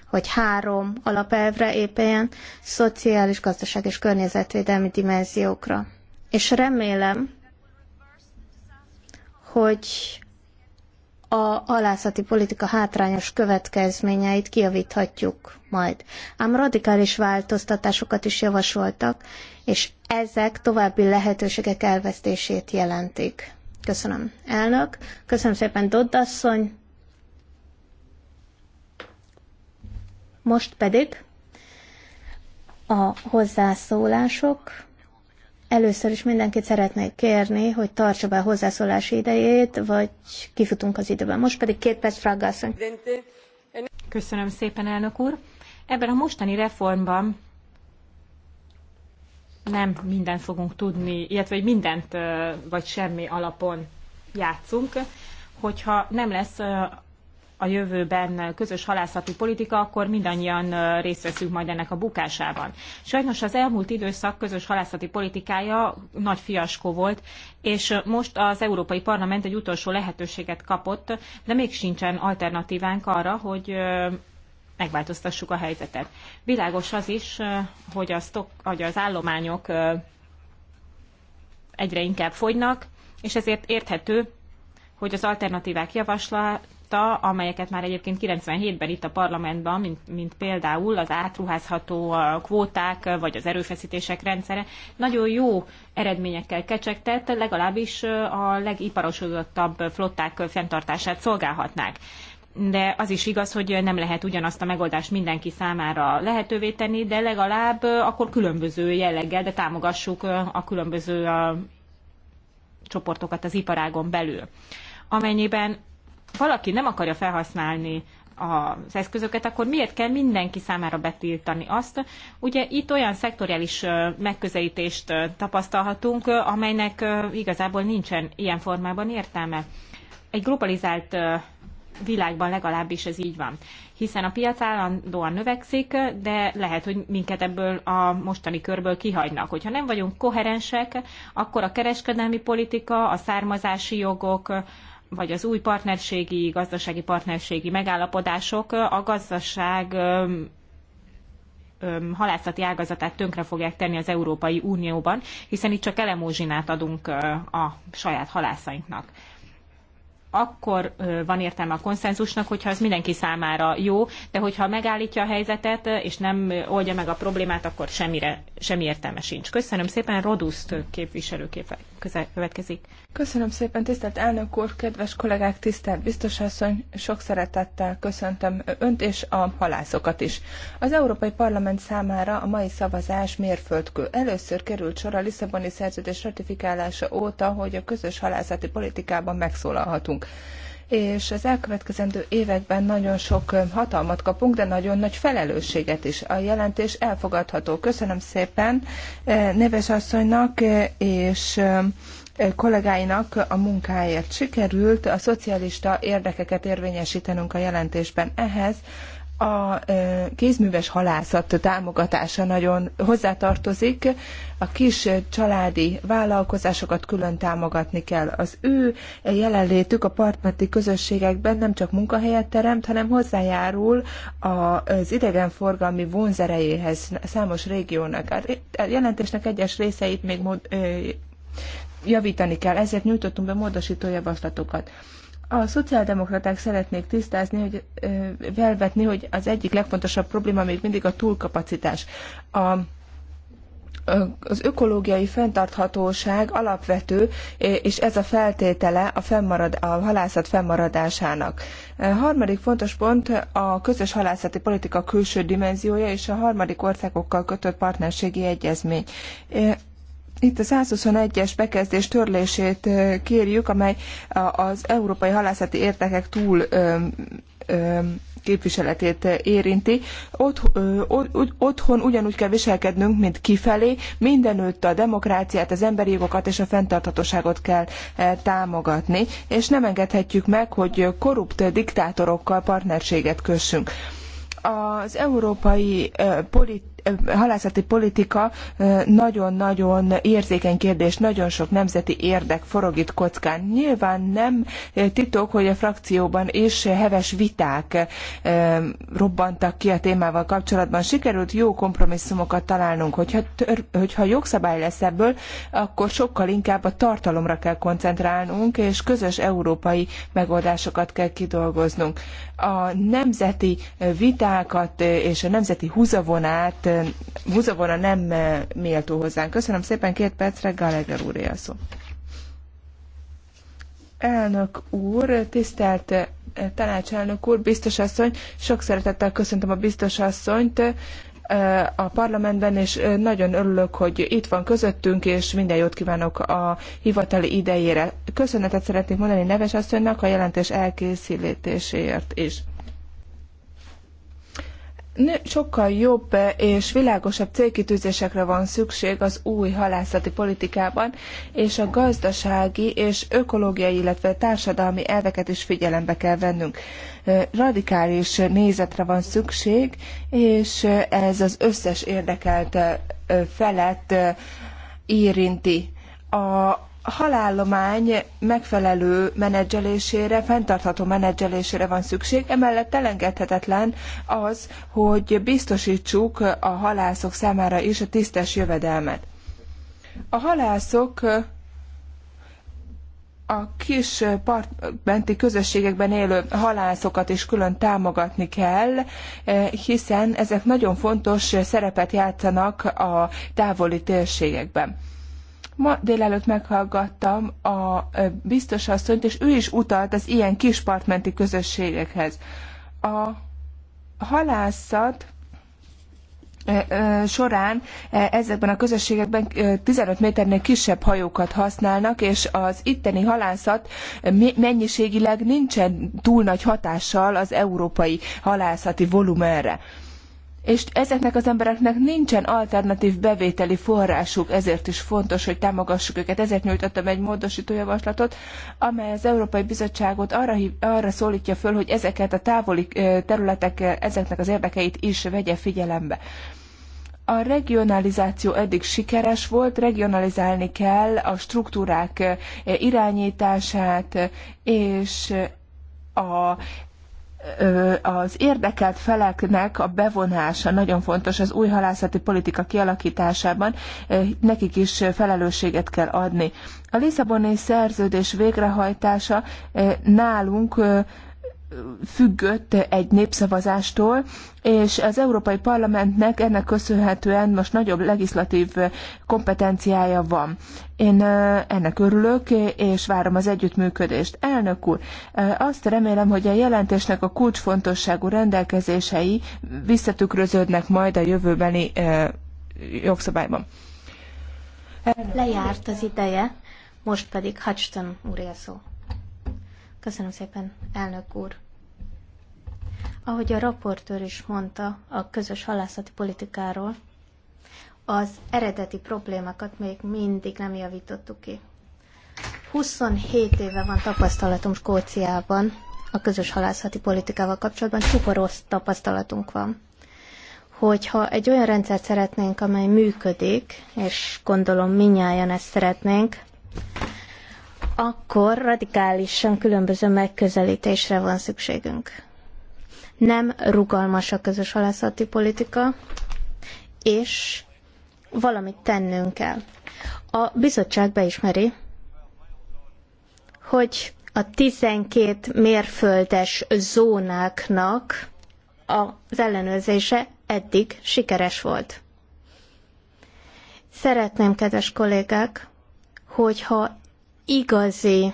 hogy három alapelvre épüljen, szociális, gazdaság és környezetvédelmi dimenziókra. És remélem, hogy a alászati politika hátrányos következményeit kijavíthatjuk majd. Ám radikális változtatásokat is javasoltak, és ezek további lehetőségek elvesztését jelentik. Köszönöm, elnök. Köszönöm szépen, Doddasszony. Most pedig a hozzászólások. Először is mindenkit szeretnék kérni, hogy tartsa be a hozzászólási idejét, vagy kifutunk az időben. Most pedig két perc fraggászony. Köszönöm szépen, elnök úr. Ebben a mostani reformban nem mindent fogunk tudni, illetve hogy mindent vagy semmi alapon játszunk, hogyha nem lesz a jövőben közös halászati politika, akkor mindannyian részt veszünk majd ennek a bukásában. Sajnos az elmúlt időszak közös halászati politikája nagy fiaskó volt, és most az Európai Parlament egy utolsó lehetőséget kapott, de még sincsen alternatívánk arra, hogy megváltoztassuk a helyzetet. Világos az is, hogy, a stok, hogy az állományok egyre inkább fogynak, és ezért érthető, hogy az alternatívák javaslat megvitatta, amelyeket már egyébként 97-ben itt a parlamentben, mint, mint például az átruházható kvóták, vagy az erőfeszítések rendszere, nagyon jó eredményekkel kecsegtett, legalábbis a legiparosodottabb flották fenntartását szolgálhatnák de az is igaz, hogy nem lehet ugyanazt a megoldást mindenki számára lehetővé tenni, de legalább akkor különböző jelleggel, de támogassuk a különböző csoportokat az iparágon belül. Amennyiben valaki nem akarja felhasználni az eszközöket, akkor miért kell mindenki számára betiltani azt? Ugye itt olyan szektoriális megközelítést tapasztalhatunk, amelynek igazából nincsen ilyen formában értelme. Egy globalizált világban legalábbis ez így van. Hiszen a piac állandóan növekszik, de lehet, hogy minket ebből a mostani körből kihagynak. Hogyha nem vagyunk koherensek, akkor a kereskedelmi politika, a származási jogok, vagy az új partnerségi, gazdasági partnerségi megállapodások a gazdaság halászati ágazatát tönkre fogják tenni az Európai Unióban, hiszen itt csak elemózsinát adunk a saját halászainknak akkor van értelme a konszenzusnak, hogyha ez mindenki számára jó, de hogyha megállítja a helyzetet, és nem oldja meg a problémát, akkor semmire, semmi értelme sincs. Köszönöm szépen, Roduszt képviselő következik. Köszönöm szépen, tisztelt elnök úr, kedves kollégák, tisztelt biztosasszony, sok szeretettel köszöntöm önt és a halászokat is. Az Európai Parlament számára a mai szavazás mérföldkő. Először került sor a Lisszaboni szerződés ratifikálása óta, hogy a közös halászati politikában megszólalhatunk kapunk, és az elkövetkezendő években nagyon sok hatalmat kapunk, de nagyon nagy felelősséget is. A jelentés elfogadható. Köszönöm szépen Neves asszonynak és kollégáinak a munkáért. Sikerült a szocialista érdekeket érvényesítenünk a jelentésben. Ehhez a kézműves halászat támogatása nagyon hozzátartozik, a kis családi vállalkozásokat külön támogatni kell. Az ő jelenlétük a partmenti közösségekben nem csak munkahelyet teremt, hanem hozzájárul az idegenforgalmi vonzerejéhez számos régiónak. Hát a jelentésnek egyes részeit még javítani kell, ezért nyújtottunk be módosító javaslatokat. A szociáldemokraták szeretnék tisztázni, hogy felvetni, hogy az egyik legfontosabb probléma még mindig a túlkapacitás. A az ökológiai fenntarthatóság alapvető, és ez a feltétele a, fennmarad, a halászat fennmaradásának. A harmadik fontos pont a közös halászati politika külső dimenziója és a harmadik országokkal kötött partnerségi egyezmény. Itt a 121-es bekezdés törlését kérjük, amely az európai halászati értekek túl képviseletét érinti. Ott, otthon ugyanúgy kell viselkednünk, mint kifelé, mindenütt a demokráciát, az emberi jogokat és a fenntarthatóságot kell támogatni, és nem engedhetjük meg, hogy korrupt diktátorokkal partnerséget kössünk az európai halászati politika nagyon-nagyon érzékeny kérdés, nagyon sok nemzeti érdek forog itt kockán. Nyilván nem titok, hogy a frakcióban is heves viták robbantak ki a témával kapcsolatban. Sikerült jó kompromisszumokat találnunk, hogyha, tör, hogyha jogszabály lesz ebből, akkor sokkal inkább a tartalomra kell koncentrálnunk, és közös európai megoldásokat kell kidolgoznunk. A nemzeti vitákat és a nemzeti húzavonát húzavona nem eh, méltó hozzánk. Köszönöm szépen, két percre Gallagher úr él szó. Elnök úr, tisztelt eh, tanácselnök úr, biztos asszony, sok szeretettel köszöntöm a biztos asszonyt eh, a parlamentben, és nagyon örülök, hogy itt van közöttünk, és minden jót kívánok a hivatali idejére. Köszönetet szeretnék mondani Neves asszonynak a jelentés elkészítéséért is sokkal jobb eh, és világosabb célkitűzésekre van szükség az új halászati politikában, és a gazdasági és ökológiai, illetve társadalmi elveket is figyelembe kell vennünk. Eh, radikális nézetre van szükség, és eh, ez az összes érdekelt felet érinti. A a halállomány megfelelő menedzselésére, fenntartható menedzselésére van szükség, emellett elengedhetetlen az, hogy biztosítsuk a halászok számára is a tisztes jövedelmet. A halászok a kis partmenti közösségekben élő halászokat is külön támogatni kell, hiszen ezek nagyon fontos szerepet játszanak a távoli térségekben. Ma délelőtt meghallgattam a biztos asszonyt, és ő is utalt az ilyen kispartmenti közösségekhez. A halászat során ezekben a közösségekben 15 méternél kisebb hajókat használnak, és az itteni halászat mennyiségileg nincsen túl nagy hatással az európai halászati volumenre és ezeknek az embereknek nincsen alternatív bevételi forrásuk, ezért is fontos, hogy támogassuk őket. Ezért nyújtottam egy módosító javaslatot, amely az Európai Bizottságot arra, hív, arra szólítja föl, hogy ezeket a távoli területek, ezeknek az érdekeit is vegye figyelembe. A regionalizáció eddig sikeres volt, regionalizálni kell a struktúrák irányítását, és a az érdekelt feleknek a bevonása nagyon fontos az új halászati politika kialakításában, nekik is felelősséget kell adni. A Lisszaboni szerződés végrehajtása nálunk függött egy népszavazástól, és az Európai Parlamentnek ennek köszönhetően most nagyobb legislatív kompetenciája van. Én ennek örülök, és várom az együttműködést. Elnök úr, azt remélem, hogy a jelentésnek a kulcsfontosságú rendelkezései visszatükröződnek majd a jövőbeni jogszabályban. Lejárt az ideje, most pedig Hudson úr szó. Köszönöm szépen, elnök úr. Ahogy a raportőr is mondta a közös halászati politikáról, az eredeti problémákat még mindig nem javítottuk ki. 27 éve van tapasztalatom Skóciában a közös halászati politikával kapcsolatban, csupa rossz tapasztalatunk van. Hogyha egy olyan rendszert szeretnénk, amely működik, és gondolom minnyáján ezt szeretnénk, akkor radikálisan különböző megközelítésre van szükségünk. Nem rugalmas a közös halászati politika, és valamit tennünk kell. A bizottság beismeri, hogy a 12 mérföldes zónáknak az ellenőrzése eddig sikeres volt. Szeretném, kedves kollégák, hogyha igazi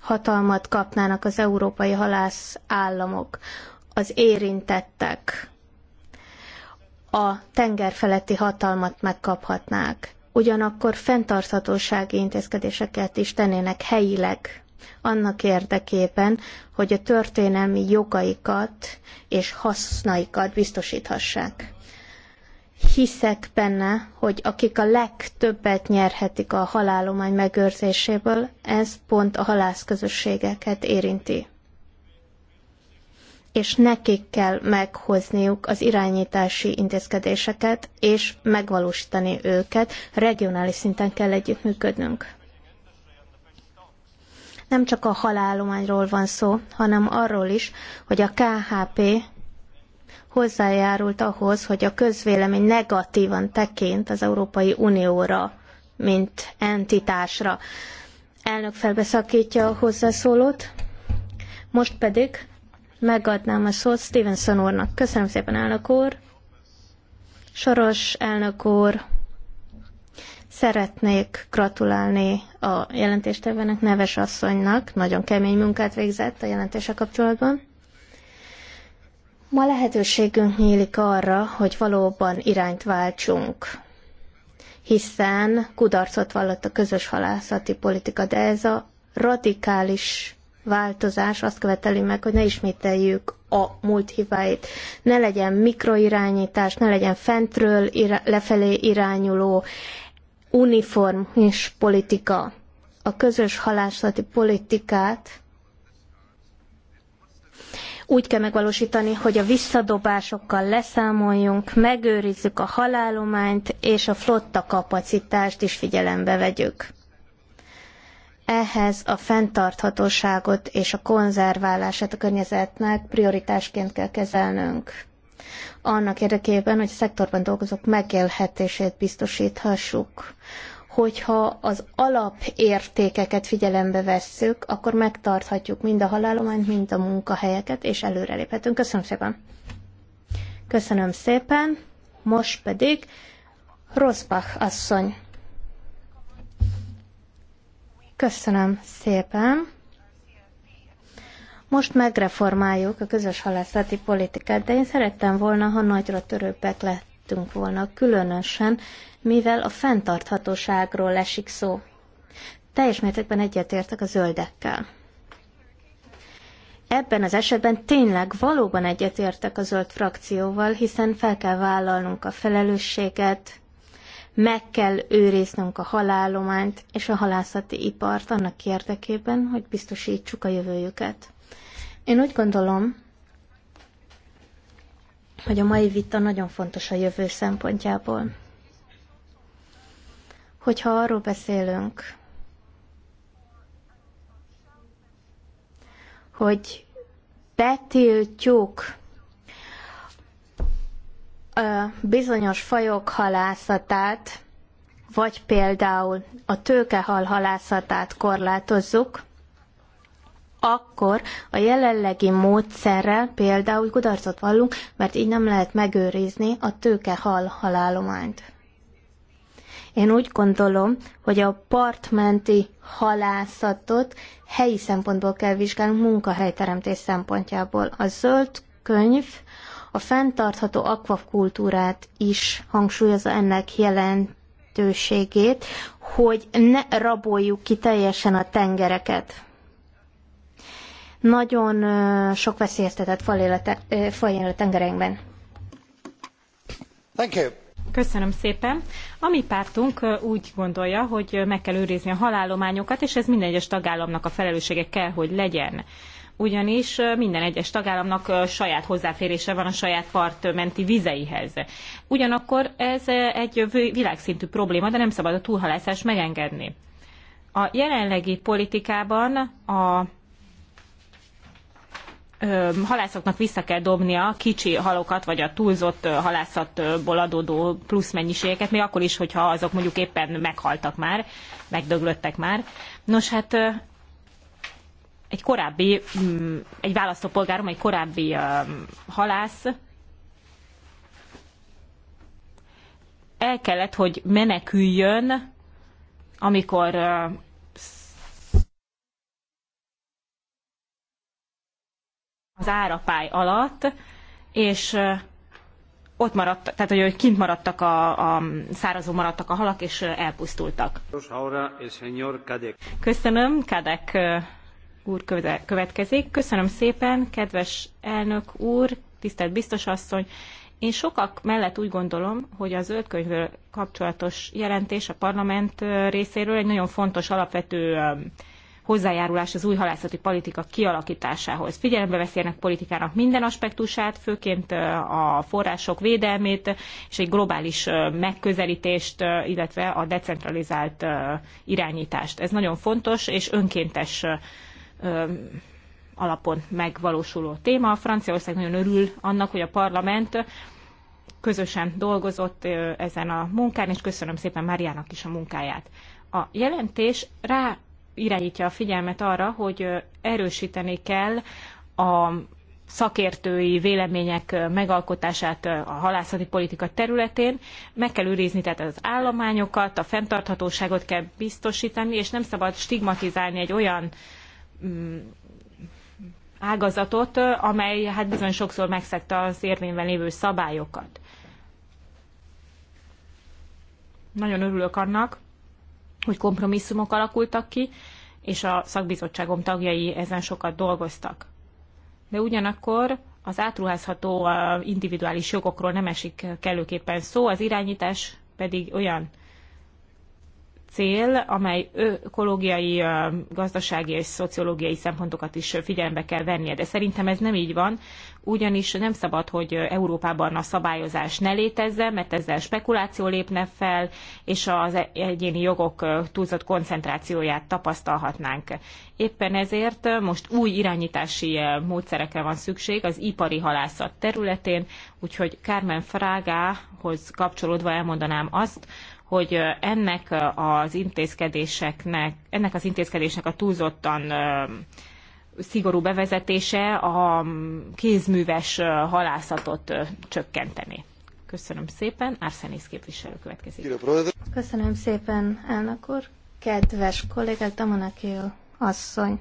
hatalmat kapnának az európai halász államok, az érintettek, a tengerfeletti hatalmat megkaphatnák. Ugyanakkor fenntarthatósági intézkedéseket is tennének helyileg annak érdekében, hogy a történelmi jogaikat és hasznaikat biztosíthassák hiszek benne, hogy akik a legtöbbet nyerhetik a halálomány megőrzéséből, ez pont a halászközösségeket érinti. És nekik kell meghozniuk az irányítási intézkedéseket, és megvalósítani őket. Regionális szinten kell együttműködnünk. Nem csak a halálományról van szó, hanem arról is, hogy a KHP hozzájárult ahhoz, hogy a közvélemény negatívan tekint az Európai Unióra, mint entitásra. Elnök felbeszakítja a hozzászólót, most pedig megadnám a szót Stevenson úrnak. Köszönöm szépen, elnök úr! Soros elnök úr, szeretnék gratulálni a jelentéstevőnek, neves asszonynak, nagyon kemény munkát végzett a jelentése kapcsolatban. Ma lehetőségünk nyílik arra, hogy valóban irányt váltsunk, hiszen kudarcot vallott a közös halászati politika, de ez a radikális változás azt követeli meg, hogy ne ismételjük a múlt hibáit. Ne legyen mikroirányítás, ne legyen fentről ira- lefelé irányuló uniform és politika. A közös halászati politikát úgy kell megvalósítani, hogy a visszadobásokkal leszámoljunk, megőrizzük a halálományt, és a flotta kapacitást is figyelembe vegyük. Ehhez a fenntarthatóságot és a konzerválását a környezetnek prioritásként kell kezelnünk. Annak érdekében, hogy a szektorban dolgozók megélhetését biztosíthassuk hogyha az alapértékeket figyelembe vesszük, akkor megtarthatjuk mind a halálományt, mind a munkahelyeket, és előreléphetünk. Köszönöm szépen! Köszönöm szépen! Most pedig Rosbach asszony. Köszönöm szépen! Most megreformáljuk a közös halászati politikát, de én szerettem volna, ha nagyra törőbbek lettünk volna, különösen mivel a fenntarthatóságról esik szó. Teljes mértékben egyetértek a zöldekkel. Ebben az esetben tényleg valóban egyetértek a zöld frakcióval, hiszen fel kell vállalnunk a felelősséget, meg kell őriznünk a halálományt és a halászati ipart annak érdekében, hogy biztosítsuk a jövőjüket. Én úgy gondolom, hogy a mai vita nagyon fontos a jövő szempontjából. Hogyha arról beszélünk, hogy betiltjuk bizonyos fajok halászatát, vagy például a tőkehal halászatát korlátozzuk, akkor a jelenlegi módszerrel például kudarcot vallunk, mert így nem lehet megőrizni a tőkehal halálományt. Én úgy gondolom, hogy a partmenti halászatot helyi szempontból kell vizsgálnunk, munkahelyteremtés szempontjából. A zöld könyv a fenntartható akvakultúrát is hangsúlyozza ennek jelentőségét, hogy ne raboljuk ki teljesen a tengereket. Nagyon sok veszélyeztetett faj él a tengereinkben. Thank you. Köszönöm szépen. A mi pártunk úgy gondolja, hogy meg kell őrizni a halálományokat, és ez minden egyes tagállamnak a felelőssége kell, hogy legyen. Ugyanis minden egyes tagállamnak saját hozzáférése van a saját part menti vizeihez. Ugyanakkor ez egy világszintű probléma, de nem szabad a túlhalászást megengedni. A jelenlegi politikában a halászoknak vissza kell dobnia a kicsi halokat, vagy a túlzott halászatból adódó plusz mennyiségeket, még akkor is, hogyha azok mondjuk éppen meghaltak már, megdöglöttek már. Nos, hát egy korábbi, mm, egy választópolgárom, egy korábbi halász el kellett, hogy meneküljön, amikor az árapály alatt, és ott maradt, tehát hogy kint maradtak a, a szárazon maradtak a halak, és elpusztultak. Köszönöm, Kadek úr következik. Köszönöm szépen, kedves elnök úr, tisztelt biztos asszony. Én sokak mellett úgy gondolom, hogy a zöldkönyvvel kapcsolatos jelentés a parlament részéről egy nagyon fontos alapvető hozzájárulás az új halászati politika kialakításához. Figyelembe veszi ennek politikának minden aspektusát, főként a források védelmét és egy globális megközelítést, illetve a decentralizált irányítást. Ez nagyon fontos és önkéntes alapon megvalósuló téma. Franciaország nagyon örül annak, hogy a parlament közösen dolgozott ezen a munkán, és köszönöm szépen Máriának is a munkáját. A jelentés rá irányítja a figyelmet arra, hogy erősíteni kell a szakértői vélemények megalkotását a halászati politika területén. Meg kell őrizni tehát az állományokat, a fenntarthatóságot kell biztosítani, és nem szabad stigmatizálni egy olyan mm, ágazatot, amely hát bizony sokszor megszegte az érvényben lévő szabályokat. Nagyon örülök annak, hogy kompromisszumok alakultak ki, és a szakbizottságom tagjai ezen sokat dolgoztak. De ugyanakkor az átruházható individuális jogokról nem esik kellőképpen szó, az irányítás pedig olyan cél, amely ökológiai, gazdasági és szociológiai szempontokat is figyelembe kell vennie, de szerintem ez nem így van, ugyanis nem szabad, hogy Európában a szabályozás ne létezzen, mert ezzel spekuláció lépne fel, és az egyéni jogok túlzott koncentrációját tapasztalhatnánk. Éppen ezért most új irányítási módszerekre van szükség az ipari halászat területén, úgyhogy Carmen Frágához kapcsolódva elmondanám azt, hogy ennek az intézkedéseknek, ennek az intézkedésnek a túlzottan szigorú bevezetése a mm, kézműves halászatot csökkenteni. Köszönöm szépen. Arsenis képviselő következik. Köszönöm szépen, elnök úr. Kedves kollégák, Damanakil asszony.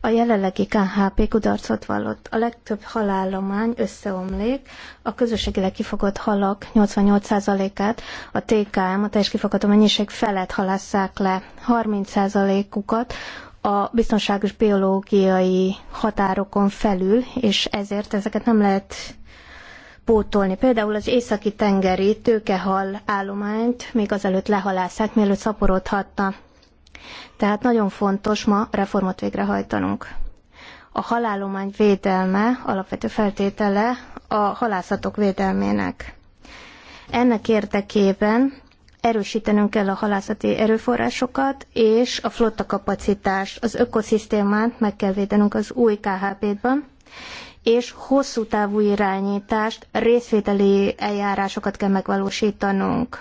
A jelenlegi KHP kudarcot vallott. A legtöbb halállomány összeomlik, a közösségileg kifogott halak 88%-át a TKM, a teljes kifogató mennyiség felett halásszák le. 30%-ukat a biztonságos biológiai határokon felül, és ezért ezeket nem lehet pótolni. Például az északi tengeri tőkehal állományt még azelőtt lehalászák, mielőtt szaporodhatna. Tehát nagyon fontos ma reformot végrehajtanunk. A halálomány védelme alapvető feltétele a halászatok védelmének. Ennek érdekében erősítenünk kell a halászati erőforrásokat, és a flotta kapacitást, az ökoszisztémát meg kell védenünk az új KHP-ban, és hosszú távú irányítást, részvételi eljárásokat kell megvalósítanunk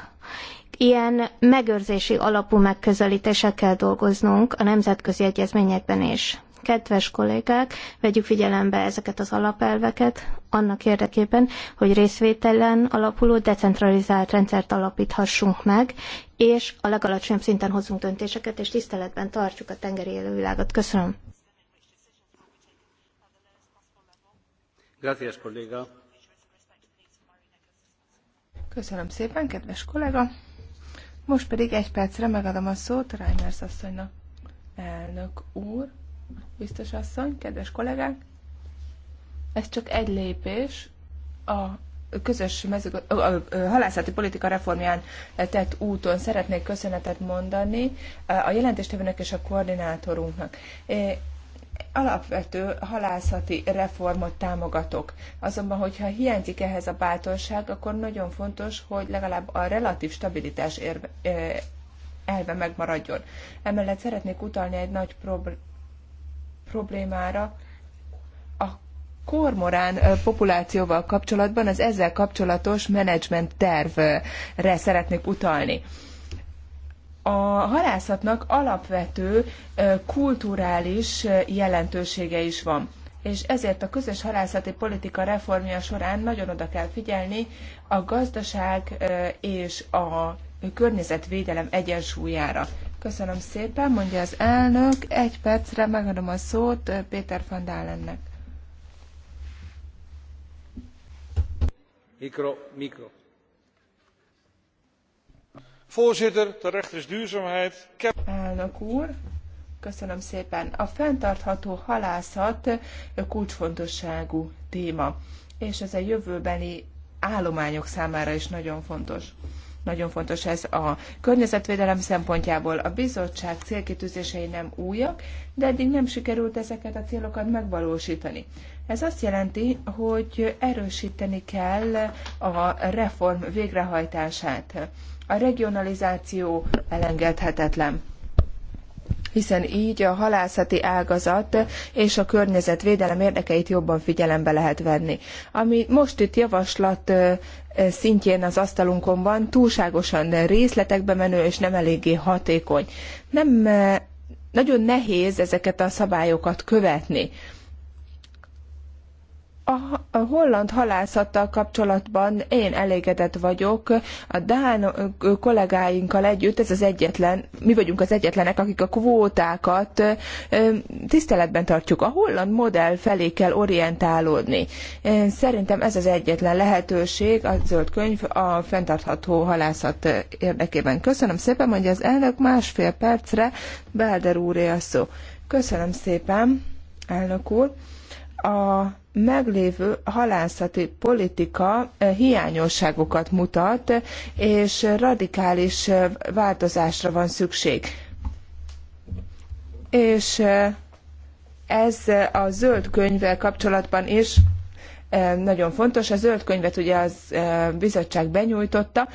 ilyen megőrzési alapú megközelítéssel kell dolgoznunk a nemzetközi egyezményekben is. Kedves kollégák, vegyük figyelembe ezeket az alapelveket annak érdekében, hogy részvételen alapuló decentralizált rendszert alapíthassunk meg, és a legalacsonyabb szinten hozzunk döntéseket, és tiszteletben tartjuk a tengeri élővilágot. Köszönöm. Gracias, kolléga. Köszönöm szépen, kedves kollega. Most pedig egy percre megadom a szót Reimers asszonynak. Elnök úr, biztos asszony, kedves kollégák, ez csak egy lépés a közös mezőg- a, a halászati politika reformján tett úton szeretnék köszönetet mondani a jelentéstevőnek és a koordinátorunknak alapvető halászati reformot támogatok. Azonban, hogyha hiányzik ehhez a bátorság, akkor nagyon fontos, hogy legalább a relatív stabilitás érve, elve megmaradjon. Emellett szeretnék utalni egy nagy prob- problémára, a kormorán populációval kapcsolatban az ezzel kapcsolatos menedzsment tervre szeretnék utalni a halászatnak alapvető kulturális jelentősége is van és ezért a közös halászati politika reformja során nagyon oda kell figyelni a gazdaság és a környezetvédelem egyensúlyára. Köszönöm szépen, mondja az elnök. Egy percre megadom a szót Péter van Dálennek. Mikro, mikro. Voorzitter, terecht is duurzaamheid. Elnök úr, köszönöm szépen. A fenntartható halászat kulcsfontosságú téma, és ez a jövőbeli állományok számára is nagyon fontos. Nagyon fontos ez a környezetvédelem szempontjából. A bizottság célkitűzései nem újak, de eddig nem sikerült ezeket a célokat megvalósítani. Ez azt jelenti, hogy erősíteni kell a reform végrehajtását. A regionalizáció elengedhetetlen hiszen így a halászati ágazat és a környezetvédelem érdekeit jobban figyelembe lehet venni. Ami most itt javaslat szintjén az asztalunkon van, túlságosan részletekbe menő és nem eléggé hatékony. Nem nagyon nehéz ezeket a szabályokat követni a holland halászattal kapcsolatban én elégedett vagyok. A Dán kollégáinkkal együtt, ez az egyetlen, mi vagyunk az egyetlenek, akik a kvótákat tiszteletben tartjuk. A holland modell felé kell orientálódni. szerintem ez az egyetlen lehetőség, a zöld könyv a fenntartható halászat érdekében. Köszönöm szépen, hogy az elnök másfél percre Belder úré a szó. Köszönöm szépen, elnök úr. A meglévő halászati politika eh, hiányosságokat mutat, és radikális eh, változásra van szükség. És eh, ez a zöld könyvvel kapcsolatban is nagyon fontos. A zöld könyvet ugye az bizottság benyújtotta,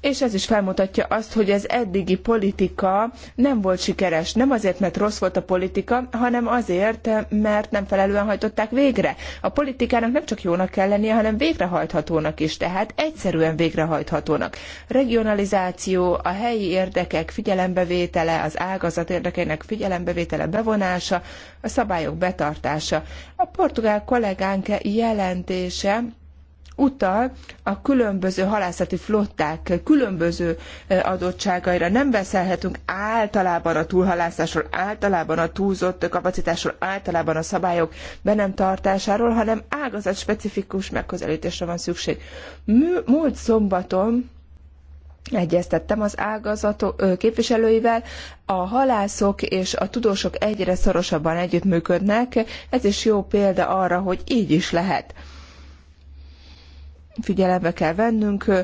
És ez is felmutatja azt, hogy az eddigi politika nem volt sikeres. Nem azért, mert rossz volt a politika, hanem azért, mert nem felelően hajtották végre. A politikának nem csak jónak kell lennie, hanem végrehajthatónak is, tehát egyszerűen végrehajthatónak. Regionalizáció, a helyi érdekek figyelembevétele, az ágazat érdekeinek figyelembevétele, bevonása, a szabályok betartása. A portugál kollégánk jelentése utal a különböző halászati flották különböző eh, adottságaira. Nem beszélhetünk általában a túlhalászásról, általában a túlzott kapacitásról, általában a szabályok be nem tartásáról, hanem ágazat specifikus megközelítésre van szükség. Múlt szombaton egyeztettem az ágazat képviselőivel, a halászok és a tudósok egyre szorosabban együttműködnek, ez is jó példa arra, hogy így is lehet figyelembe kell vennünk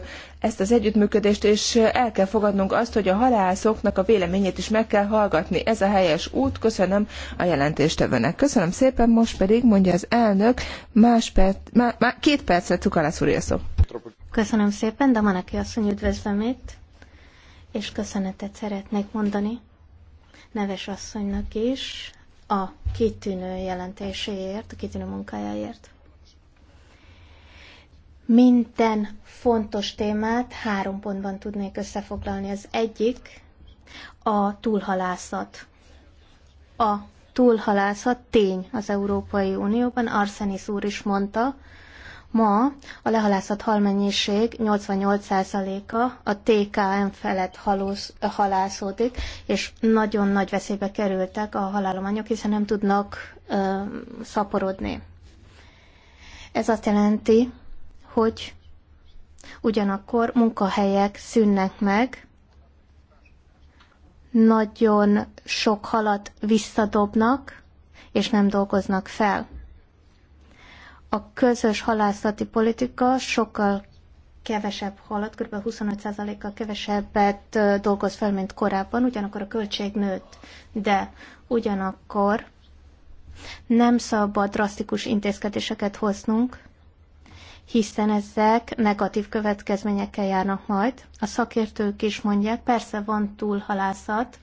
ezt az együttműködést, és el kell fogadnunk azt, hogy a halászoknak a véleményét is meg kell hallgatni. Ez a helyes út. Köszönöm a jelentéstevőnek. Köszönöm szépen, most pedig mondja az elnök, más perc, má, má, két percet Cukalász úr szó. Köszönöm szépen, de van, aki asszony üdvözlöm itt, és köszönetet szeretnék mondani neves asszonynak is a kitűnő jelentéséért, a kitűnő munkájáért minden fontos témát három pontban tudnék összefoglalni. Az egyik a túlhalászat. A túlhalászat tény az Európai Unióban. Arsenis úr is mondta, ma a lehalászat halmennyiség 88%-a a TKM felett halóz halászódik, és nagyon nagy veszélybe kerültek a halálományok, hiszen nem tudnak ö, szaporodni. Ez azt jelenti, hogy ugyanakkor munkahelyek szűnnek meg, nagyon sok halat visszadobnak, és nem dolgoznak fel. A közös halászati politika sokkal kevesebb halat, kb. 25%-kal kevesebbet dolgoz fel, mint korábban, ugyanakkor a költség nőtt, de ugyanakkor nem szabad drasztikus intézkedéseket hoznunk, hiszen ezek negatív következményekkel járnak majd. A szakértők is mondják, persze van túlhalászat,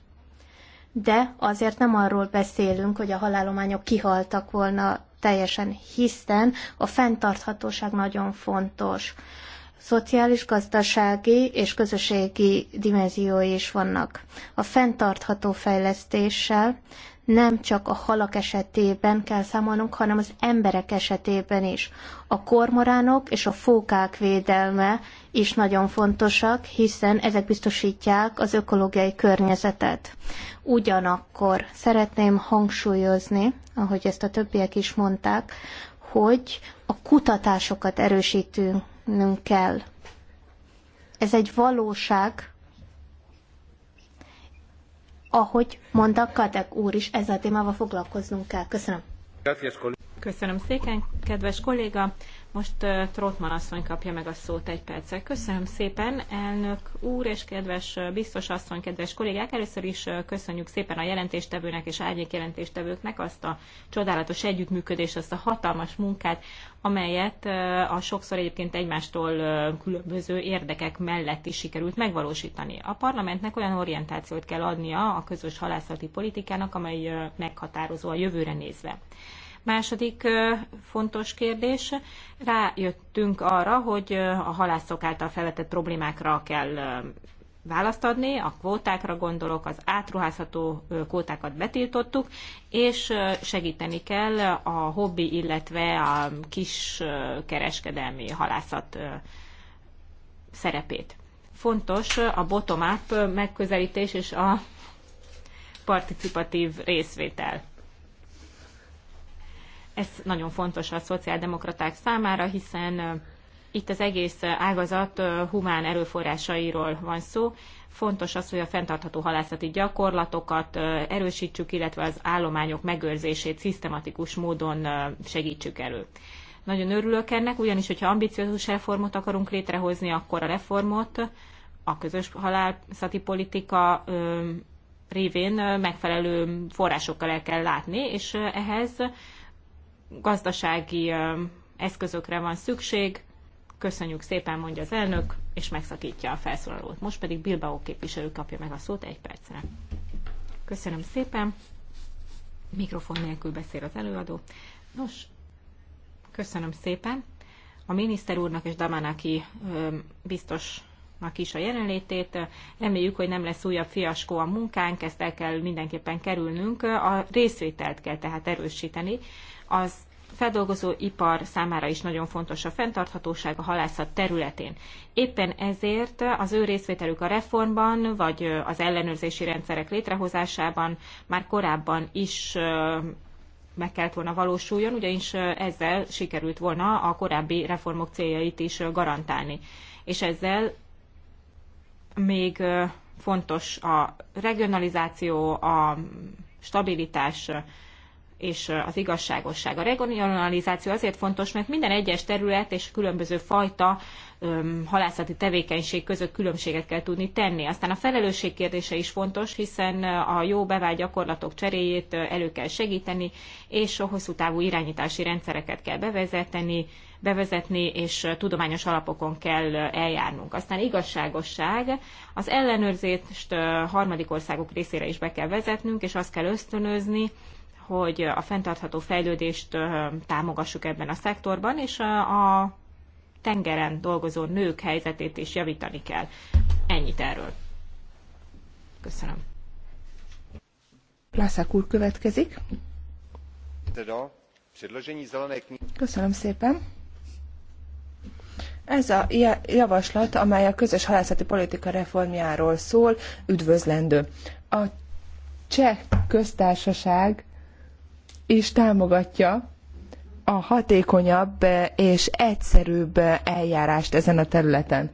de azért nem arról beszélünk, hogy a halálományok kihaltak volna teljesen, hiszen a fenntarthatóság nagyon fontos. Szociális, gazdasági és közösségi dimenziói is vannak. A fenntartható fejlesztéssel nem csak a halak esetében kell számolnunk, hanem az emberek esetében is. A kormoránok és a fókák védelme is nagyon fontosak, hiszen ezek biztosítják az ökológiai környezetet. Ugyanakkor szeretném hangsúlyozni, ahogy ezt a többiek is mondták, hogy a kutatásokat erősítünk kell. Ez egy valóság, ahogy mondta Katek úr is, ezzel a témával foglalkoznunk kell. Köszönöm. Köszönöm szépen, kedves kolléga. Most uh, Trotman asszony kapja meg a szót egy perccel. Köszönöm szépen, elnök úr és kedves biztos asszony, kedves kollégák. Először is köszönjük szépen a jelentéstevőnek és árnyék jelentéstevőknek azt a csodálatos együttműködést, azt a hatalmas munkát, amelyet a sokszor egyébként egymástól különböző érdekek mellett is sikerült megvalósítani. A parlamentnek olyan orientációt kell adnia a közös halászati politikának, amely meghatározó a jövőre nézve. Második fontos kérdés, rájöttünk arra, hogy a halászok által felvetett problémákra kell választ adni, a kvótákra gondolok, az átruházható kvótákat betiltottuk, és segíteni kell a hobbi, illetve a kis kereskedelmi halászat szerepét. Fontos a bottom-up megközelítés és a participatív részvétel. Ez nagyon fontos a szociáldemokraták számára, hiszen itt az egész ágazat humán erőforrásairól van szó. Fontos az, hogy a fenntartható halászati gyakorlatokat erősítsük, illetve az állományok megőrzését szisztematikus módon segítsük elő. Nagyon örülök ennek, ugyanis, hogyha ambiciózus reformot akarunk létrehozni, akkor a reformot a közös halászati politika révén megfelelő forrásokkal el kell látni, és ehhez gazdasági eszközökre van szükség. Köszönjük szépen, mondja az elnök, és megszakítja a felszólalót. Most pedig Bilbao képviselő kapja meg a szót egy percre. Köszönöm szépen. Mikrofon nélkül beszél az előadó. Nos, köszönöm szépen a miniszter úrnak és Damanaki biztosnak is a jelenlétét. Reméljük, hogy nem lesz újabb fiaskó a munkánk, ezt el kell mindenképpen kerülnünk. A részvételt kell tehát erősíteni, az feldolgozó ipar számára is nagyon fontos a fenntarthatóság a halászat területén. Éppen ezért az ő részvételük a reformban, vagy az ellenőrzési rendszerek létrehozásában már korábban is meg kellett volna valósuljon, ugyanis ezzel sikerült volna a korábbi reformok céljait is garantálni. És ezzel még fontos a regionalizáció, a stabilitás, és az igazságosság. A regionalizáció azért fontos, mert minden egyes terület és különböző fajta öm, halászati tevékenység között különbséget kell tudni tenni. Aztán a felelősség kérdése is fontos, hiszen a jó bevált gyakorlatok cseréjét elő kell segíteni, és a hosszú távú irányítási rendszereket kell bevezetni, bevezetni, és tudományos alapokon kell eljárnunk. Aztán igazságosság, az ellenőrzést harmadik országok részére is be kell vezetnünk, és azt kell ösztönözni, hogy a fenntartható fejlődést támogassuk ebben a szektorban, és a tengeren dolgozó nők helyzetét is javítani kell. Ennyit erről. Köszönöm. Lászák úr következik. Köszönöm szépen. Ez a javaslat, amely a közös halászati politika reformjáról szól, üdvözlendő. A cseh köztársaság és támogatja a hatékonyabb és egyszerűbb eljárást ezen a területen.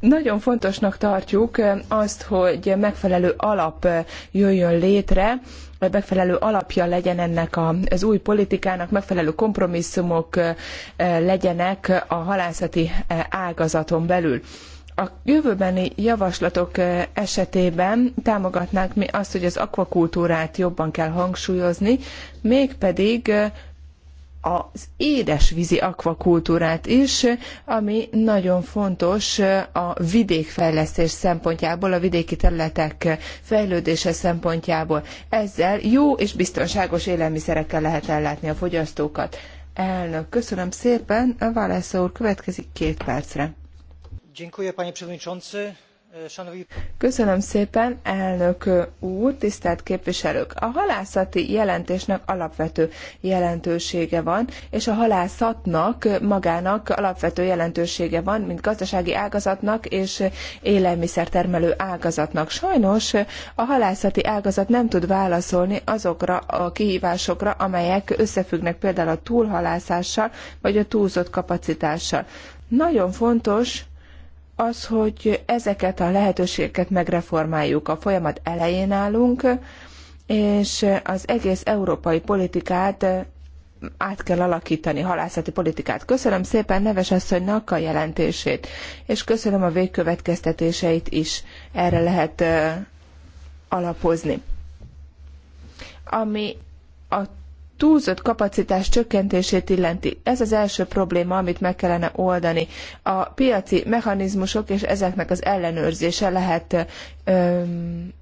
Nagyon fontosnak tartjuk azt, hogy megfelelő alap jöjjön létre, vagy megfelelő alapja legyen ennek az új politikának, megfelelő kompromisszumok legyenek a halászati ágazaton belül a jövőbeni javaslatok esetében támogatnánk mi azt, hogy az akvakultúrát jobban kell hangsúlyozni, mégpedig az édesvízi akvakultúrát is, ami nagyon fontos a vidékfejlesztés szempontjából, a vidéki területek fejlődése szempontjából. Ezzel jó és biztonságos élelmiszerekkel lehet ellátni a fogyasztókat. Elnök, köszönöm szépen, Válasz úr következik két percre. E, Köszönöm szépen, elnök úr, tisztelt képviselők! A halászati jelentésnek alapvető jelentősége van, és a halászatnak magának alapvető jelentősége van, mint gazdasági ágazatnak és élelmiszertermelő ágazatnak. Sajnos a halászati ágazat nem tud válaszolni azokra a kihívásokra, amelyek összefüggnek például a túlhalászással vagy a túlzott kapacitással. Nagyon fontos, az, hogy ezeket a lehetőségeket megreformáljuk. A folyamat elején állunk, és az egész európai politikát át kell alakítani, halászati politikát. Köszönöm szépen Neves asszonynak a jelentését, és köszönöm a végkövetkeztetéseit is. Erre lehet alapozni. Ami a túlzott kapacitás csökkentését illeti. Ez az első probléma, amit meg kellene oldani. A piaci mechanizmusok és ezeknek az ellenőrzése lehet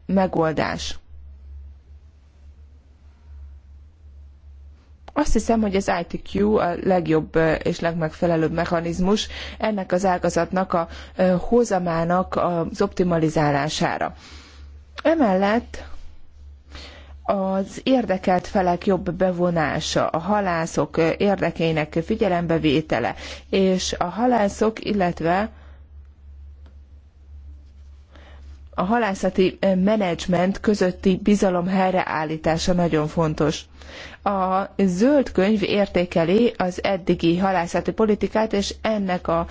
megoldás. Azt hiszem, hogy az ITQ a legjobb és legmegfelelőbb mechanizmus ennek az ágazatnak a hozamának az optimalizálására. Emellett az érdekelt felek jobb bevonása, a halászok érdekeinek figyelembevétele, és a halászok, illetve a halászati eh, menedzsment közötti bizalom helyreállítása nagyon fontos. A zöld könyv értékeli az eddigi halászati politikát és ennek a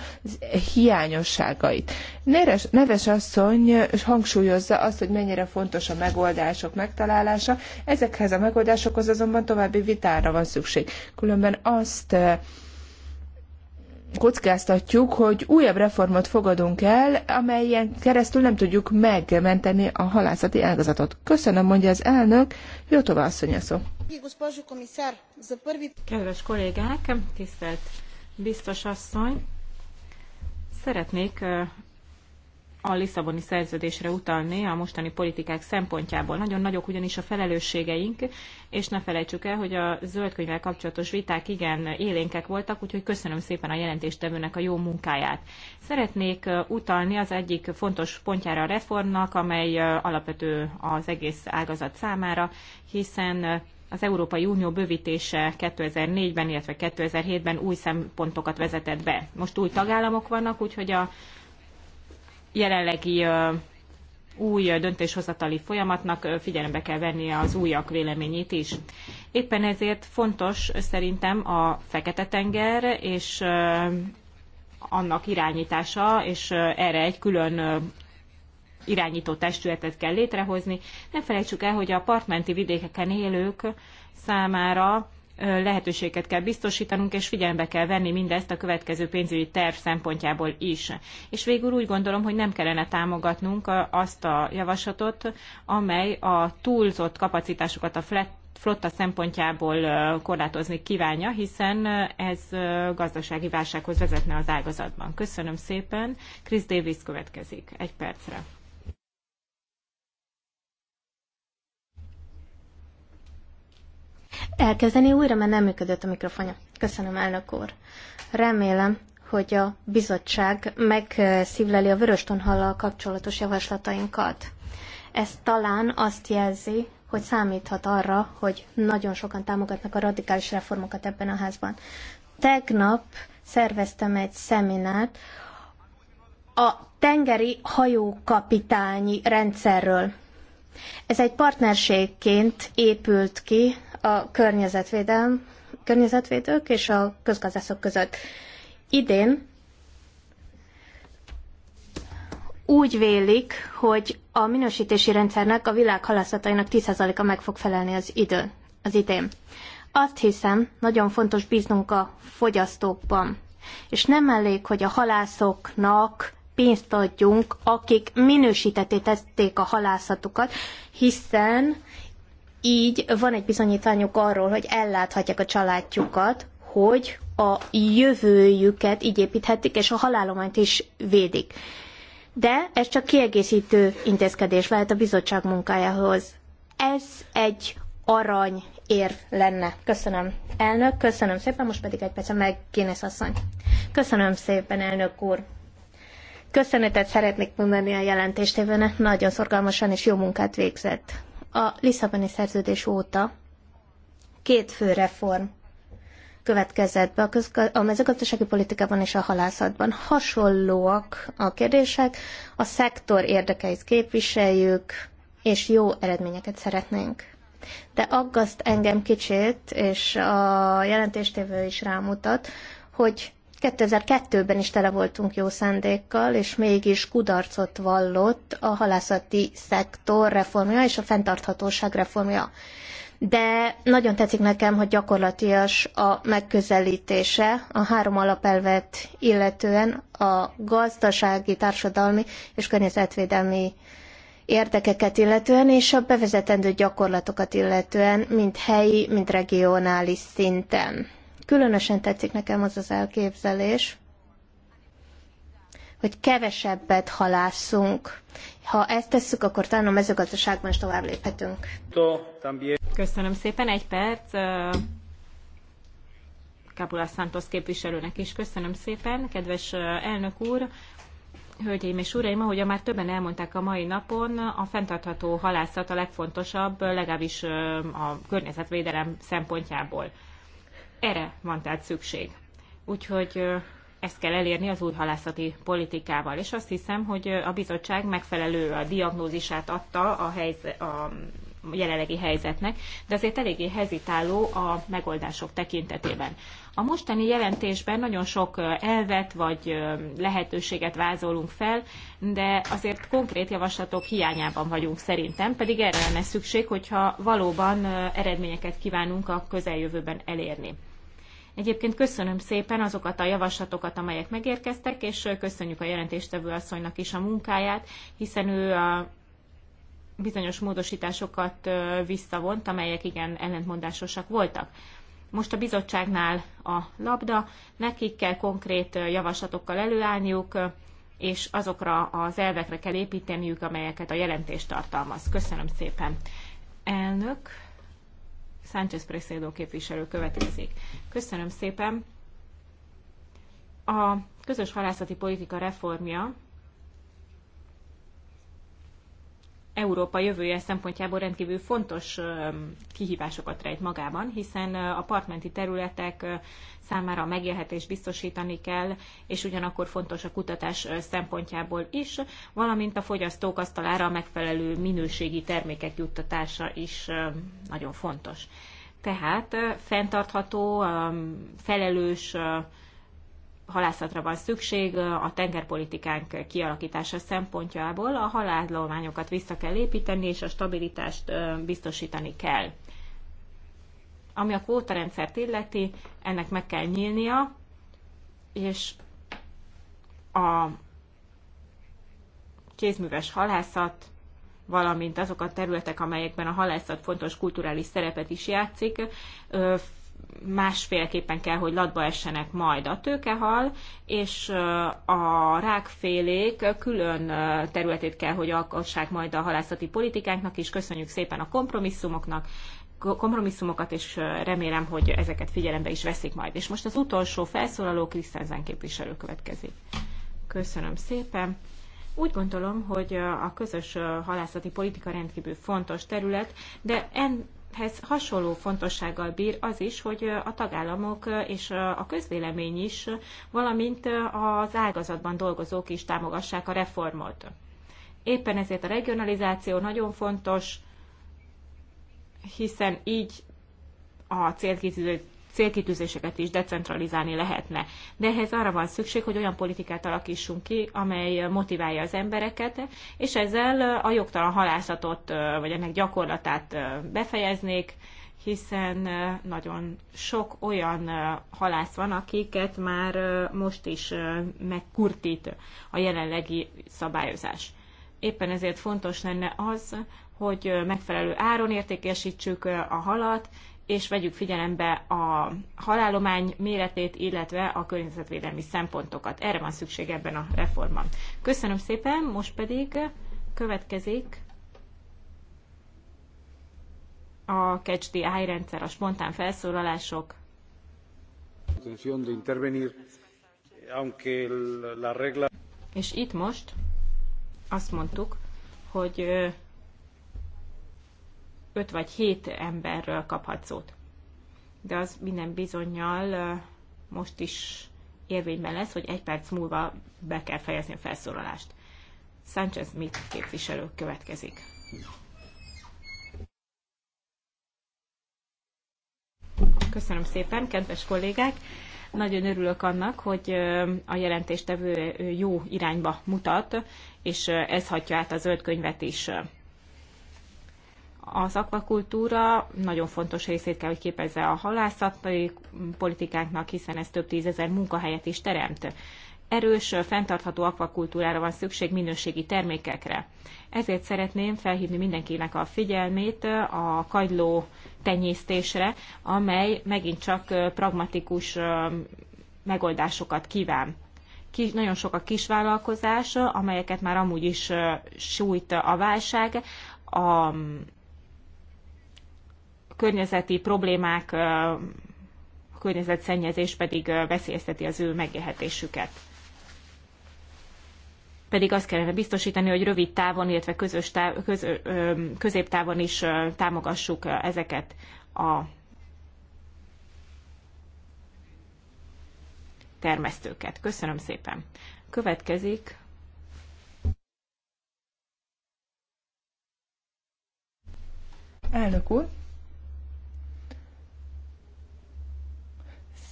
hiányosságait. Neres, neves asszony hangsúlyozza azt, hogy mennyire fontos a megoldások megtalálása. Ezekhez a megoldásokhoz azonban további vitára van szükség. Különben azt eh, kockáztatjuk, hogy újabb reformot fogadunk el, amelyen keresztül nem tudjuk megmenteni a halászati ágazatot. Köszönöm, mondja az elnök, jó tovább a szó. Kedves kollégák, tisztelt biztos asszony, szeretnék a Lisszaboni szerződésre utalni a mostani politikák szempontjából. Nagyon nagyok ugyanis a felelősségeink, és ne felejtsük el, hogy a zöldkönyvvel kapcsolatos viták igen élénkek voltak, úgyhogy köszönöm szépen a jelentéstevőnek a jó munkáját. Szeretnék utalni az egyik fontos pontjára a reformnak, amely alapvető az egész ágazat számára, hiszen az Európai Unió bővítése 2004-ben, illetve 2007-ben új szempontokat vezetett be. Most új tagállamok vannak, úgyhogy a jelenlegi új döntéshozatali folyamatnak figyelembe kell vennie az újak véleményét is. Éppen ezért fontos szerintem a Fekete-tenger és annak irányítása, és erre egy külön irányító testületet kell létrehozni. Ne felejtsük el, hogy a partmenti vidékeken élők számára lehetőséget kell biztosítanunk, és figyelembe kell venni mindezt a következő pénzügyi terv szempontjából is. És végül úgy gondolom, hogy nem kellene támogatnunk azt a javaslatot, amely a túlzott kapacitásokat a flat flotta szempontjából korlátozni kívánja, hiszen ez gazdasági válsághoz vezetne az ágazatban. Köszönöm szépen. Chris Davis következik egy percre. elkezdeni újra, mert nem működött a mikrofonja. Köszönöm, elnök úr. Remélem, hogy a bizottság megszívleli a vöröstonhallal kapcsolatos javaslatainkat. Ez talán azt jelzi, hogy számíthat arra, hogy nagyon sokan támogatnak a radikális reformokat ebben a házban. Tegnap szerveztem egy szeminárt a tengeri hajókapitányi rendszerről. Ez egy partnerségként épült ki a környezetvédelm, környezetvédők és a közgazdászok között. Idén úgy vélik, hogy a minősítési rendszernek a világ halászatainak 10%-a meg fog felelni az idő, az idén. Azt hiszem, nagyon fontos bíznunk a fogyasztókban. És nem elég, hogy a halászoknak pénzt adjunk, akik minősítetté tették a halászatukat, hiszen így van egy bizonyítványuk arról, hogy elláthatják a családjukat, hogy a jövőjüket így építhetik, és a halálományt is védik. De ez csak kiegészítő intézkedés lehet a bizottság munkájához. Ez egy arany érv lenne. Köszönöm, elnök, köszönöm szépen, most pedig egy percen meg asszony. Köszönöm szépen, elnök úr. Köszönetet szeretnék mondani a jelentéstévőnek, nagyon szorgalmasan és jó munkát végzett. A Lisszaboni szerződés óta két fő reform következett be a, közga- a mezőgazdasági politikában és a halászatban. Hasonlóak a kérdések, a szektor érdekeit képviseljük, és jó eredményeket szeretnénk. De aggaszt engem kicsit, és a jelentéstévő is rámutat, hogy 2002-ben is tele voltunk jó szándékkal, és mégis kudarcot vallott a halászati szektor reformja és a fenntarthatóság reformja. De nagyon tetszik nekem, hogy gyakorlatias a megközelítése a három alapelvet illetően a gazdasági, társadalmi és környezetvédelmi érdekeket illetően, és a bevezetendő gyakorlatokat illetően, mind helyi, mind regionális szinten Különösen tetszik nekem az az elképzelés, hogy kevesebbet halászunk. Ha ezt tesszük, akkor talán a mezőgazdaságban is tovább léphetünk. Köszönöm szépen. Egy perc. Kapula Santos képviselőnek is köszönöm szépen. Kedves elnök úr, Hölgyeim és uraim, ahogy már többen elmondták a mai napon, a fenntartható halászat a legfontosabb, legalábbis a környezetvédelem szempontjából. Erre van tehát szükség. Úgyhogy ezt kell elérni az úthalászati politikával, és azt hiszem, hogy a bizottság megfelelő a diagnózisát adta a, helyz- a jelenlegi helyzetnek, de azért eléggé hezitáló a megoldások tekintetében. A mostani jelentésben nagyon sok elvet vagy lehetőséget vázolunk fel, de azért konkrét javaslatok hiányában vagyunk szerintem, pedig erre lenne szükség, hogyha valóban eredményeket kívánunk a közeljövőben elérni. Egyébként köszönöm szépen azokat a javaslatokat, amelyek megérkeztek, és köszönjük a jelentéstevő asszonynak is a munkáját, hiszen ő a bizonyos módosításokat visszavont, amelyek igen ellentmondásosak voltak. Most a bizottságnál a labda, nekik kell konkrét javaslatokkal előállniuk, és azokra az elvekre kell építeniük, amelyeket a jelentés tartalmaz. Köszönöm szépen. Elnök. Sánchez Presedo képviselő következik. Köszönöm szépen. A közös halászati politika reformja Európa jövője szempontjából rendkívül fontos kihívásokat rejt magában, hiszen a partmenti területek számára a megélhetés biztosítani kell, és ugyanakkor fontos a kutatás szempontjából is, valamint a fogyasztók asztalára a megfelelő minőségi termékek juttatása is nagyon fontos. Tehát fenntartható, felelős halászatra van szükség a tengerpolitikánk kialakítása szempontjából. A halállományokat vissza kell építeni, és a stabilitást biztosítani kell. Ami a kvótarendszert illeti, ennek meg kell nyílnia, és a kézműves halászat, valamint azok a területek, amelyekben a halászat fontos kulturális szerepet is játszik, másfélképpen kell, hogy latba essenek majd a tőkehal, és a rákfélék külön területét kell, hogy alkossák majd a halászati politikánknak, és köszönjük szépen a kompromisszumoknak, kompromisszumokat, és remélem, hogy ezeket figyelembe is veszik majd. És most az utolsó felszólaló Krisztenzen képviselő következik. Köszönöm szépen. Úgy gondolom, hogy a közös halászati politika rendkívül fontos terület, de en, ehhez hasonló fontossággal bír az is, hogy a tagállamok és a közvélemény is, valamint az ágazatban dolgozók is támogassák a reformot. Éppen ezért a regionalizáció nagyon fontos, hiszen így a célkitűző célkitűzéseket is decentralizálni lehetne. De ehhez arra van szükség, hogy olyan politikát alakítsunk ki, amely motiválja az embereket, és ezzel a jogtalan halászatot, vagy ennek gyakorlatát befejeznék, hiszen nagyon sok olyan halász van, akiket már most is megkurtít a jelenlegi szabályozás. Éppen ezért fontos lenne az, hogy megfelelő áron értékesítsük a halat, és vegyük figyelembe a halálomány méretét, illetve a környezetvédelmi szempontokat. Erre van szükség ebben a reformban. Köszönöm szépen, most pedig következik a Catch the Eye rendszer, a spontán felszólalások. És itt most azt mondtuk, hogy 5 vagy 7 emberről kaphat szót. De az minden bizonyal most is érvényben lesz, hogy egy perc múlva be kell fejezni a felszólalást. Sánchez mit képviselő következik. Köszönöm szépen, kedves kollégák! Nagyon örülök annak, hogy a jelentéstevő jó irányba mutat, és ez hatja át a zöld könyvet is az akvakultúra nagyon fontos részét kell, hogy képezze a halászati politikánknak, hiszen ez több tízezer munkahelyet is teremt. Erős, fenntartható akvakultúrára van szükség minőségi termékekre. Ezért szeretném felhívni mindenkinek a figyelmét a kagyló tenyésztésre, amely megint csak pragmatikus megoldásokat kíván kis, nagyon sok a kisvállalkozás, amelyeket már amúgy is sújt a válság, a környezeti problémák, a környezetszennyezés pedig veszélyezteti az ő megélhetésüket. Pedig azt kellene biztosítani, hogy rövid távon, illetve közös táv, köz, középtávon is támogassuk ezeket a termesztőket. Köszönöm szépen. Következik Elnök úr,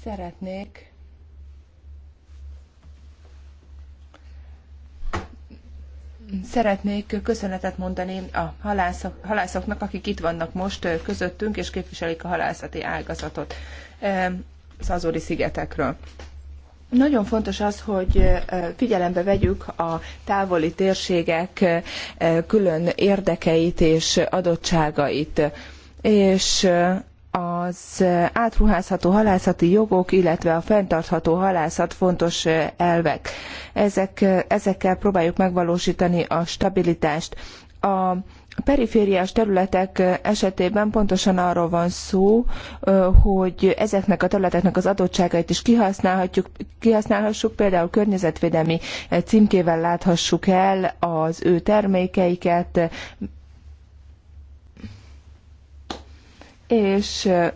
szeretnék Szeretnék köszönetet mondani a halászok, halászoknak, akik itt vannak most közöttünk, és képviselik a halászati ágazatot az Azori szigetekről. Nagyon fontos az, hogy figyelembe vegyük a távoli térségek külön érdekeit és adottságait, és az átruházható halászati jogok, illetve a fenntartható halászat fontos elvek. Ezek, ezekkel próbáljuk megvalósítani a stabilitást. A perifériás területek esetében pontosan arról van szó, hogy ezeknek a területeknek az adottságait is kihasználhatjuk, kihasználhassuk, például környezetvédelmi címkével láthassuk el az ő termékeiket, és eh,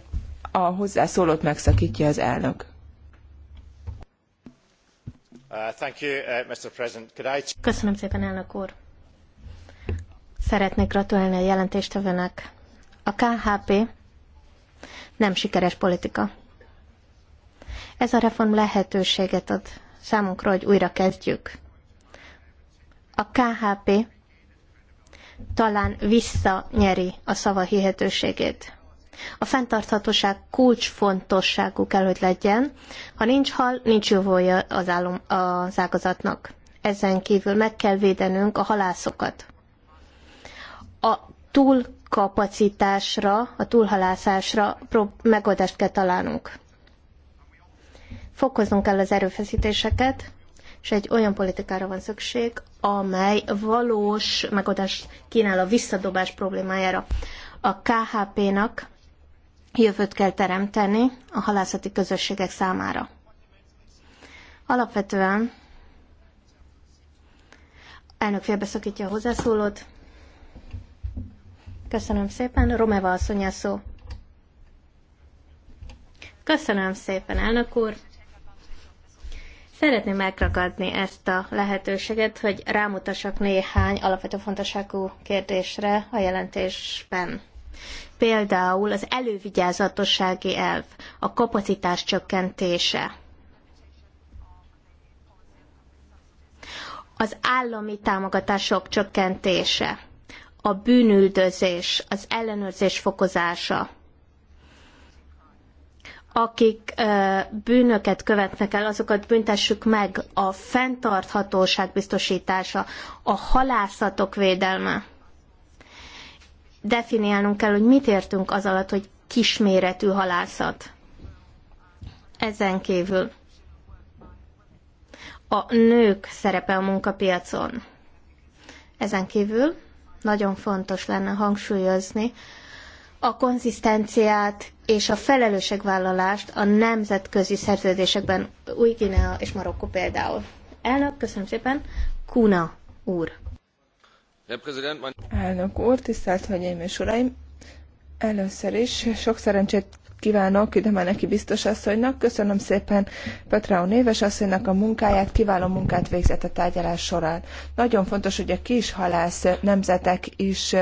a hozzászólót megszakítja az elnök. Uh, uh, Köszönöm szépen, elnök úr. Szeretnék gratulálni a jelentéstevőnek. A KHP nem sikeres politika. Ez a reform lehetőséget ad számunkra, hogy újra kezdjük. A KHP talán visszanyeri a szava hihetőségét. A fenntarthatóság kulcsfontosságú kell, hogy legyen. Ha nincs hal, nincs jövője az, állom, az ágazatnak. Ezen kívül meg kell védenünk a halászokat. A túlkapacitásra, a túlhalászásra megoldást kell találnunk. Fokoznunk kell az erőfeszítéseket, és egy olyan politikára van szükség, amely valós megoldást kínál a visszadobás problémájára. A KHP-nak jövőt kell teremteni a halászati közösségek számára. Alapvetően elnök félbeszakítja a hozzászólót. Köszönöm szépen. Romeva asszony szó. Köszönöm szépen, elnök úr. Szeretném megragadni ezt a lehetőséget, hogy rámutassak néhány alapvető fontosságú kérdésre a jelentésben. Például az elővigyázatossági elv, a kapacitás csökkentése, az állami támogatások csökkentése, a bűnüldözés, az ellenőrzés fokozása, akik bűnöket követnek el, azokat büntessük meg, a fenntarthatóság biztosítása, a halászatok védelme definiálnunk kell, hogy mit értünk az alatt, hogy kisméretű halászat. Ezen kívül a nők szerepe a munkapiacon. Ezen kívül nagyon fontos lenne hangsúlyozni a konzisztenciát és a felelősségvállalást a nemzetközi szerződésekben, Új-Guinea és Marokko például. Elnök, köszönöm szépen, Kuna úr. Elnök úr, tisztelt Hölgyeim és Uraim! Először is sok szerencsét kívánok Üdemeneki biztos asszonynak. Köszönöm szépen Petrao Néves asszonynak a munkáját, kiváló munkát végzett a tárgyalás során. Nagyon fontos, hogy a halász nemzetek is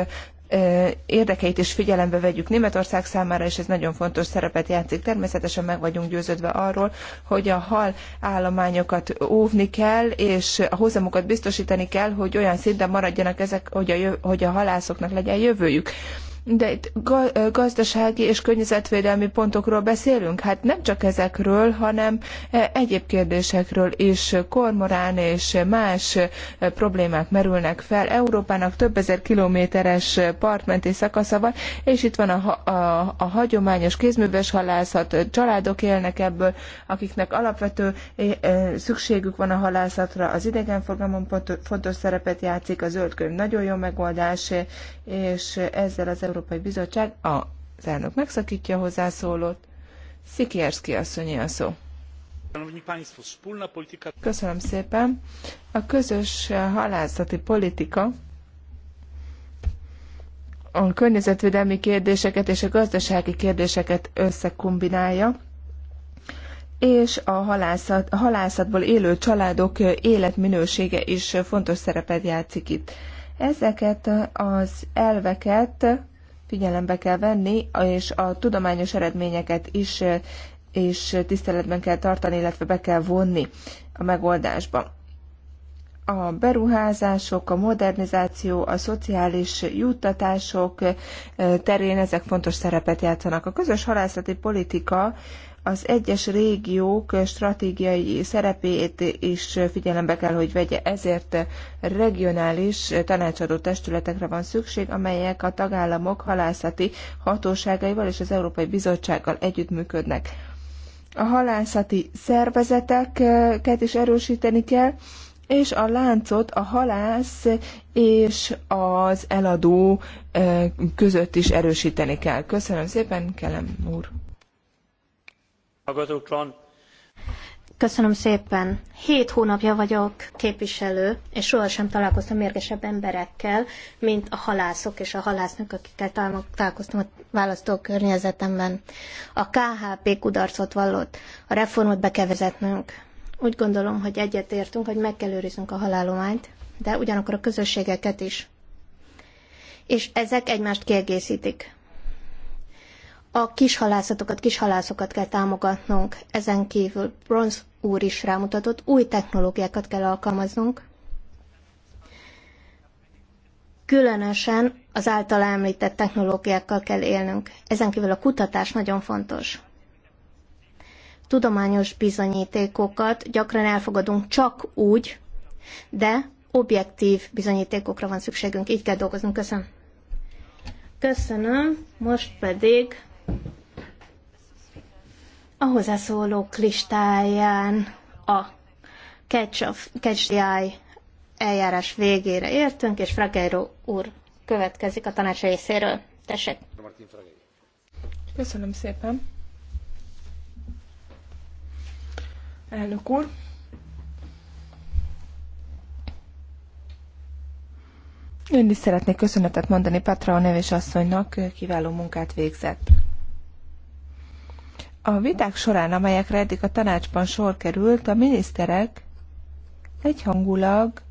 érdekeit is figyelembe vegyük Németország számára, és ez nagyon fontos szerepet játszik. Természetesen meg vagyunk győződve arról, hogy a hal állományokat óvni kell, és a hozamokat biztosítani kell, hogy olyan szinten maradjanak ezek, hogy a, hogy a halászoknak legyen jövőjük. De itt gazdasági és környezetvédelmi pontokról beszélünk? Hát nem csak ezekről, hanem egyéb kérdésekről is. Kormorán és más problémák merülnek fel. Európának több ezer kilométeres partmenti szakasza van, és itt van a, a, a hagyományos kézműves halászat, családok élnek ebből, akiknek alapvető szükségük van a halászatra, az idegenforgalmon fontos szerepet játszik, a zöldkönyv nagyon jó megoldás, és ezzel az Európai Európai Bizottság a elnök megszakítja a hozzászólót. Szikierszki asszonyi a szó. Köszönöm szépen. A közös halászati politika a környezetvédelmi kérdéseket és a gazdasági kérdéseket összekombinálja, és a, halászat, a halászatból élő családok életminősége is fontos szerepet játszik itt. Ezeket az elveket figyelembe kell venni, és a tudományos eredményeket is és tiszteletben kell tartani, illetve be kell vonni a megoldásba. A beruházások, a modernizáció, a szociális juttatások terén ezek fontos szerepet játszanak. A közös halászati politika az egyes régiók stratégiai szerepét is figyelembe kell, hogy vegye. Ezért regionális tanácsadó testületekre van szükség, amelyek a tagállamok halászati hatóságaival és az Európai Bizottsággal együttműködnek. A halászati szervezeteket is erősíteni kell, és a láncot a halász és az eladó eh, között is erősíteni kell. Köszönöm szépen, Kelem úr! Köszönöm szépen. Hét hónapja vagyok képviselő, és sohasem találkoztam mérgesebb emberekkel, mint a halászok és a halásznők, akikkel találkoztam a választókörnyezetemben. A KHP kudarcot vallott, a reformot be kell vezetnünk. Úgy gondolom, hogy egyetértünk, hogy meg kell őriznünk a halálományt, de ugyanakkor a közösségeket is. És ezek egymást kiegészítik a kishalászatokat, kishalászokat kell támogatnunk, ezen kívül Bronz úr is rámutatott, új technológiákat kell alkalmaznunk, különösen az általa említett technológiákkal kell élnünk. Ezen kívül a kutatás nagyon fontos. Tudományos bizonyítékokat gyakran elfogadunk csak úgy, de objektív bizonyítékokra van szükségünk. Így kell dolgoznunk. Köszönöm. Köszönöm. Most pedig a hozzászólók listáján a catch, of, catch the eye eljárás végére értünk, és Fragero úr következik a tanács részéről. Tessék! Köszönöm szépen! Elnök úr! Én is szeretnék köszönetet mondani Petra a neves asszonynak, kiváló munkát végzett. A viták során, amelyekre eddig a tanácsban sor került, a miniszterek egyhangulag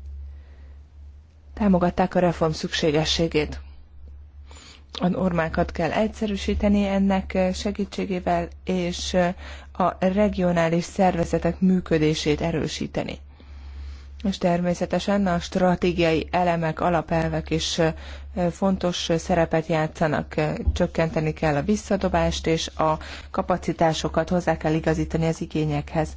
támogatták a reform szükségességét. A normákat kell egyszerűsíteni ennek segítségével, és a regionális szervezetek működését erősíteni. És természetesen a stratégiai elemek, alapelvek is fontos szerepet játszanak. Csökkenteni kell a visszadobást, és a kapacitásokat hozzá kell igazítani az igényekhez.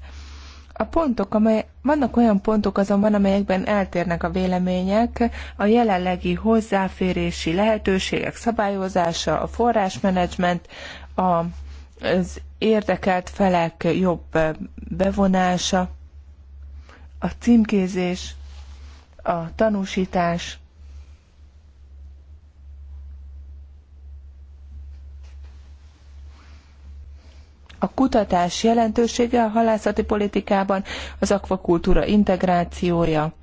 A pontok, amely, vannak olyan pontok azonban, amelyekben eltérnek a vélemények, a jelenlegi hozzáférési lehetőségek szabályozása, a forrásmenedzsment, az érdekelt felek jobb bevonása, a címkézés, a tanúsítás, a kutatás jelentősége a halászati politikában, az akvakultúra integrációja,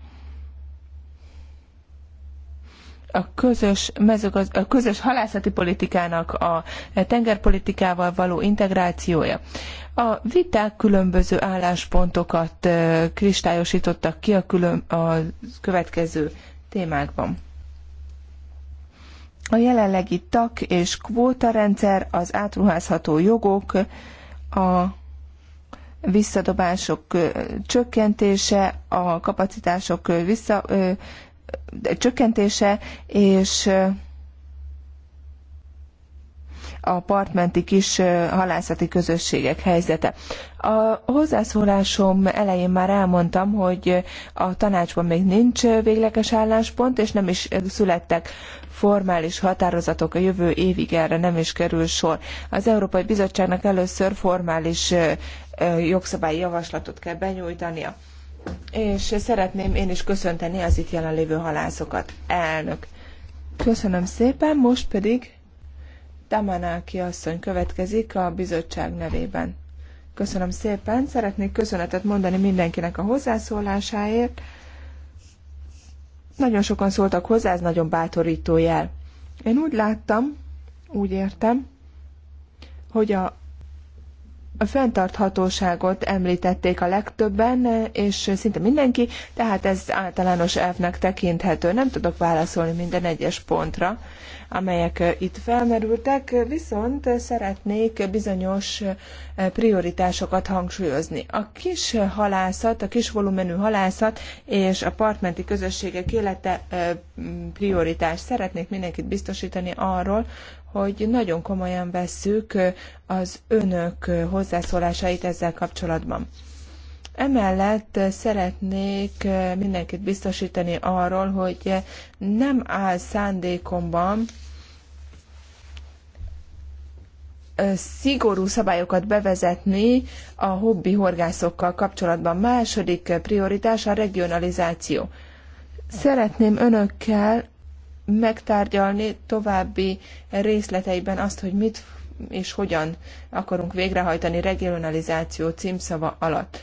a közös, mezőgaz, a közös halászati politikának a tengerpolitikával való integrációja. A viták különböző álláspontokat kristályosítottak ki a, külön, a következő témákban. A jelenlegi tak és kvótarendszer, az átruházható jogok, a visszadobások csökkentése, a kapacitások vissza, csökkentése és a partmenti kis halászati közösségek helyzete. A hozzászólásom elején már elmondtam, hogy a tanácsban még nincs végleges álláspont, és nem is születtek formális határozatok a jövő évig erre nem is kerül sor. Az Európai Bizottságnak először formális jogszabályi javaslatot kell benyújtania. És szeretném én is köszönteni az itt jelenlévő halászokat. Elnök. Köszönöm szépen, most pedig Damanáki asszony következik a bizottság nevében. Köszönöm szépen, szeretnék köszönetet mondani mindenkinek a hozzászólásáért. Nagyon sokan szóltak hozzá, ez nagyon bátorító jel. Én úgy láttam, úgy értem, hogy a a fenntarthatóságot említették a legtöbben, és szinte mindenki, tehát ez általános elvnek tekinthető. Nem tudok válaszolni minden egyes pontra, amelyek eh, itt felmerültek, viszont szeretnék bizonyos eh, prioritásokat hangsúlyozni. A kis halászat, a kis volumenű halászat és a partmenti közösségek élete eh, prioritás. Szeretnék mindenkit biztosítani arról, hogy nagyon komolyan vesszük az önök hozzászólásait ezzel kapcsolatban. Emellett szeretnék mindenkit biztosítani arról, hogy nem áll szándékomban szigorú szabályokat bevezetni a hobbi horgászokkal kapcsolatban. Második prioritás a regionalizáció. Szeretném önökkel megtárgyalni további részleteiben azt, hogy mit és hogyan akarunk végrehajtani regionalizáció címszava alatt.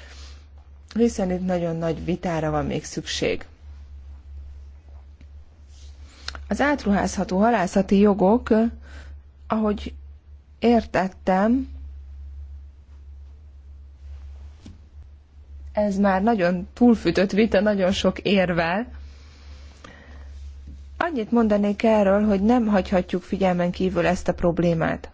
Hiszen itt nagyon nagy vitára van még szükség. Az átruházható halászati jogok, ahogy értettem, ez már nagyon túlfütött vita, nagyon sok érvel. Annyit mondanék erről, hogy nem hagyhatjuk figyelmen kívül ezt a problémát.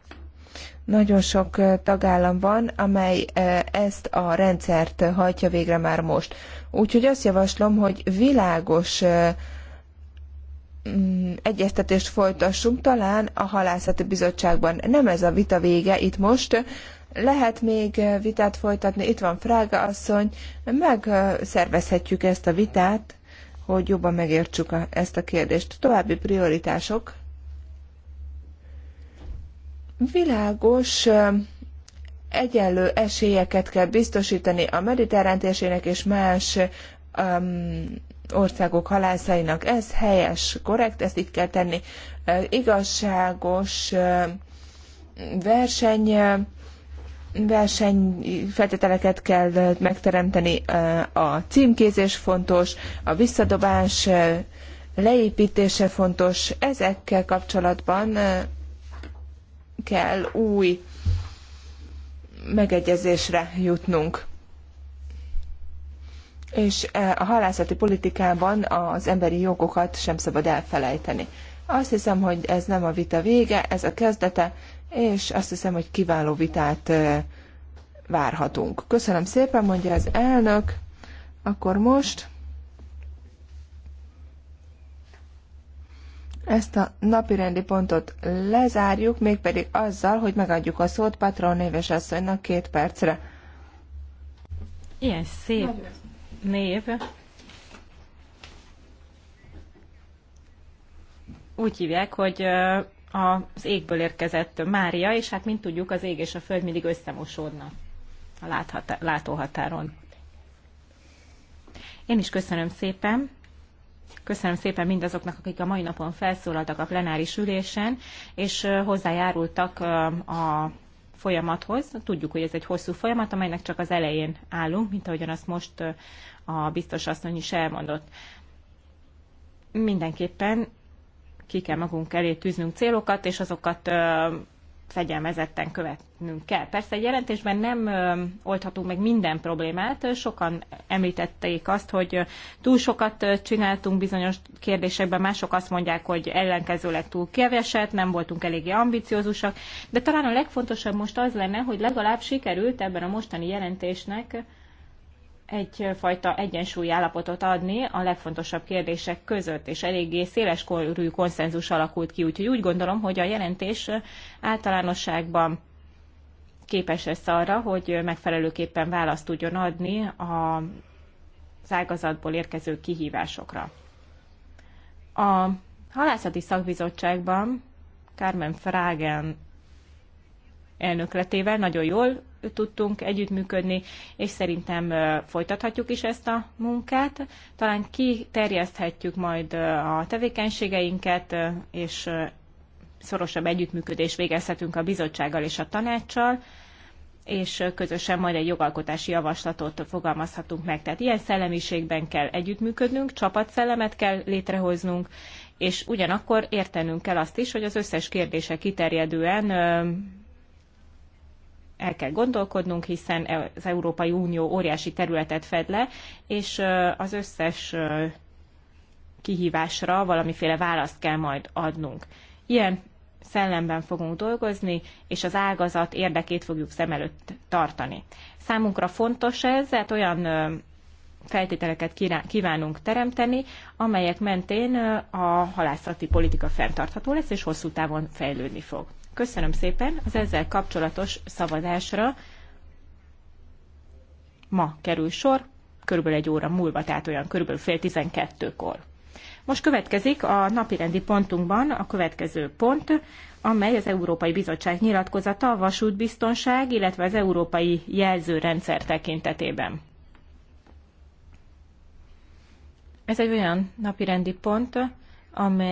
Nagyon sok tagállam van, amely ezt a rendszert hajtja végre már most. Úgyhogy azt javaslom, hogy világos mm, egyeztetést folytassunk, talán a halászati bizottságban. Nem ez a vita vége itt most, lehet még vitát folytatni, itt van Frága asszony, megszervezhetjük ezt a vitát, hogy jobban megértsük ezt a kérdést. További prioritások. Világos egyenlő esélyeket kell biztosítani a mediterrán térségnek és más um, országok halászainak. Ez helyes, korrekt, ezt így kell tenni. igazságos verseny versenyfeltételeket kell megteremteni, a címkézés fontos, a visszadobás leépítése fontos, ezekkel kapcsolatban kell új megegyezésre jutnunk. És a halászati politikában az emberi jogokat sem szabad elfelejteni. Azt hiszem, hogy ez nem a vita vége, ez a kezdete és azt hiszem, hogy kiváló vitát várhatunk. Köszönöm szépen, mondja az elnök. Akkor most ezt a napirendi pontot lezárjuk, mégpedig azzal, hogy megadjuk a szót Patron néves asszonynak két percre. Ilyen szép Nagyon. név. Úgy hívják, hogy az égből érkezett Mária, és hát mint tudjuk, az ég és a föld mindig összemosódnak a látóhatáron. Én is köszönöm szépen. Köszönöm szépen mindazoknak, akik a mai napon felszólaltak a plenáris ülésen, és hozzájárultak a folyamathoz. Tudjuk, hogy ez egy hosszú folyamat, amelynek csak az elején állunk, mint ahogyan azt most a biztos asszony is elmondott. Mindenképpen ki kell magunk elé tűznünk célokat, és azokat fegyelmezetten követnünk kell. Persze egy jelentésben nem oldhatunk meg minden problémát. Sokan említették azt, hogy túl sokat csináltunk bizonyos kérdésekben, mások azt mondják, hogy ellenkezőleg túl keveset, nem voltunk eléggé ambiciózusak, de talán a legfontosabb most az lenne, hogy legalább sikerült ebben a mostani jelentésnek egyfajta egyensúly állapotot adni a legfontosabb kérdések között, és eléggé széleskorű konszenzus alakult ki, úgyhogy úgy gondolom, hogy a jelentés általánosságban képes lesz arra, hogy megfelelőképpen választ tudjon adni a ágazatból érkező kihívásokra. A halászati szakbizottságban Carmen Fragen elnökletével nagyon jól tudtunk együttműködni, és szerintem folytathatjuk is ezt a munkát. Talán kiterjeszthetjük majd a tevékenységeinket, és szorosabb együttműködés végezhetünk a bizottsággal és a tanácssal, és közösen majd egy jogalkotási javaslatot fogalmazhatunk meg. Tehát ilyen szellemiségben kell együttműködnünk, csapatszellemet kell létrehoznunk, és ugyanakkor értenünk kell azt is, hogy az összes kérdése kiterjedően el kell gondolkodnunk, hiszen az Európai Unió óriási területet fed le, és az összes kihívásra valamiféle választ kell majd adnunk. Ilyen szellemben fogunk dolgozni, és az ágazat érdekét fogjuk szem előtt tartani. Számunkra fontos ez, tehát olyan feltételeket kívánunk teremteni, amelyek mentén a halászati politika fenntartható lesz, és hosszú távon fejlődni fog. Köszönöm szépen. Az ezzel kapcsolatos szavazásra ma kerül sor, körülbelül egy óra múlva, tehát olyan körülbelül fél tizenkettőkor. Most következik a napirendi pontunkban a következő pont, amely az Európai Bizottság nyilatkozata a vasútbiztonság, illetve az európai jelzőrendszer tekintetében. Ez egy olyan napirendi pont, amely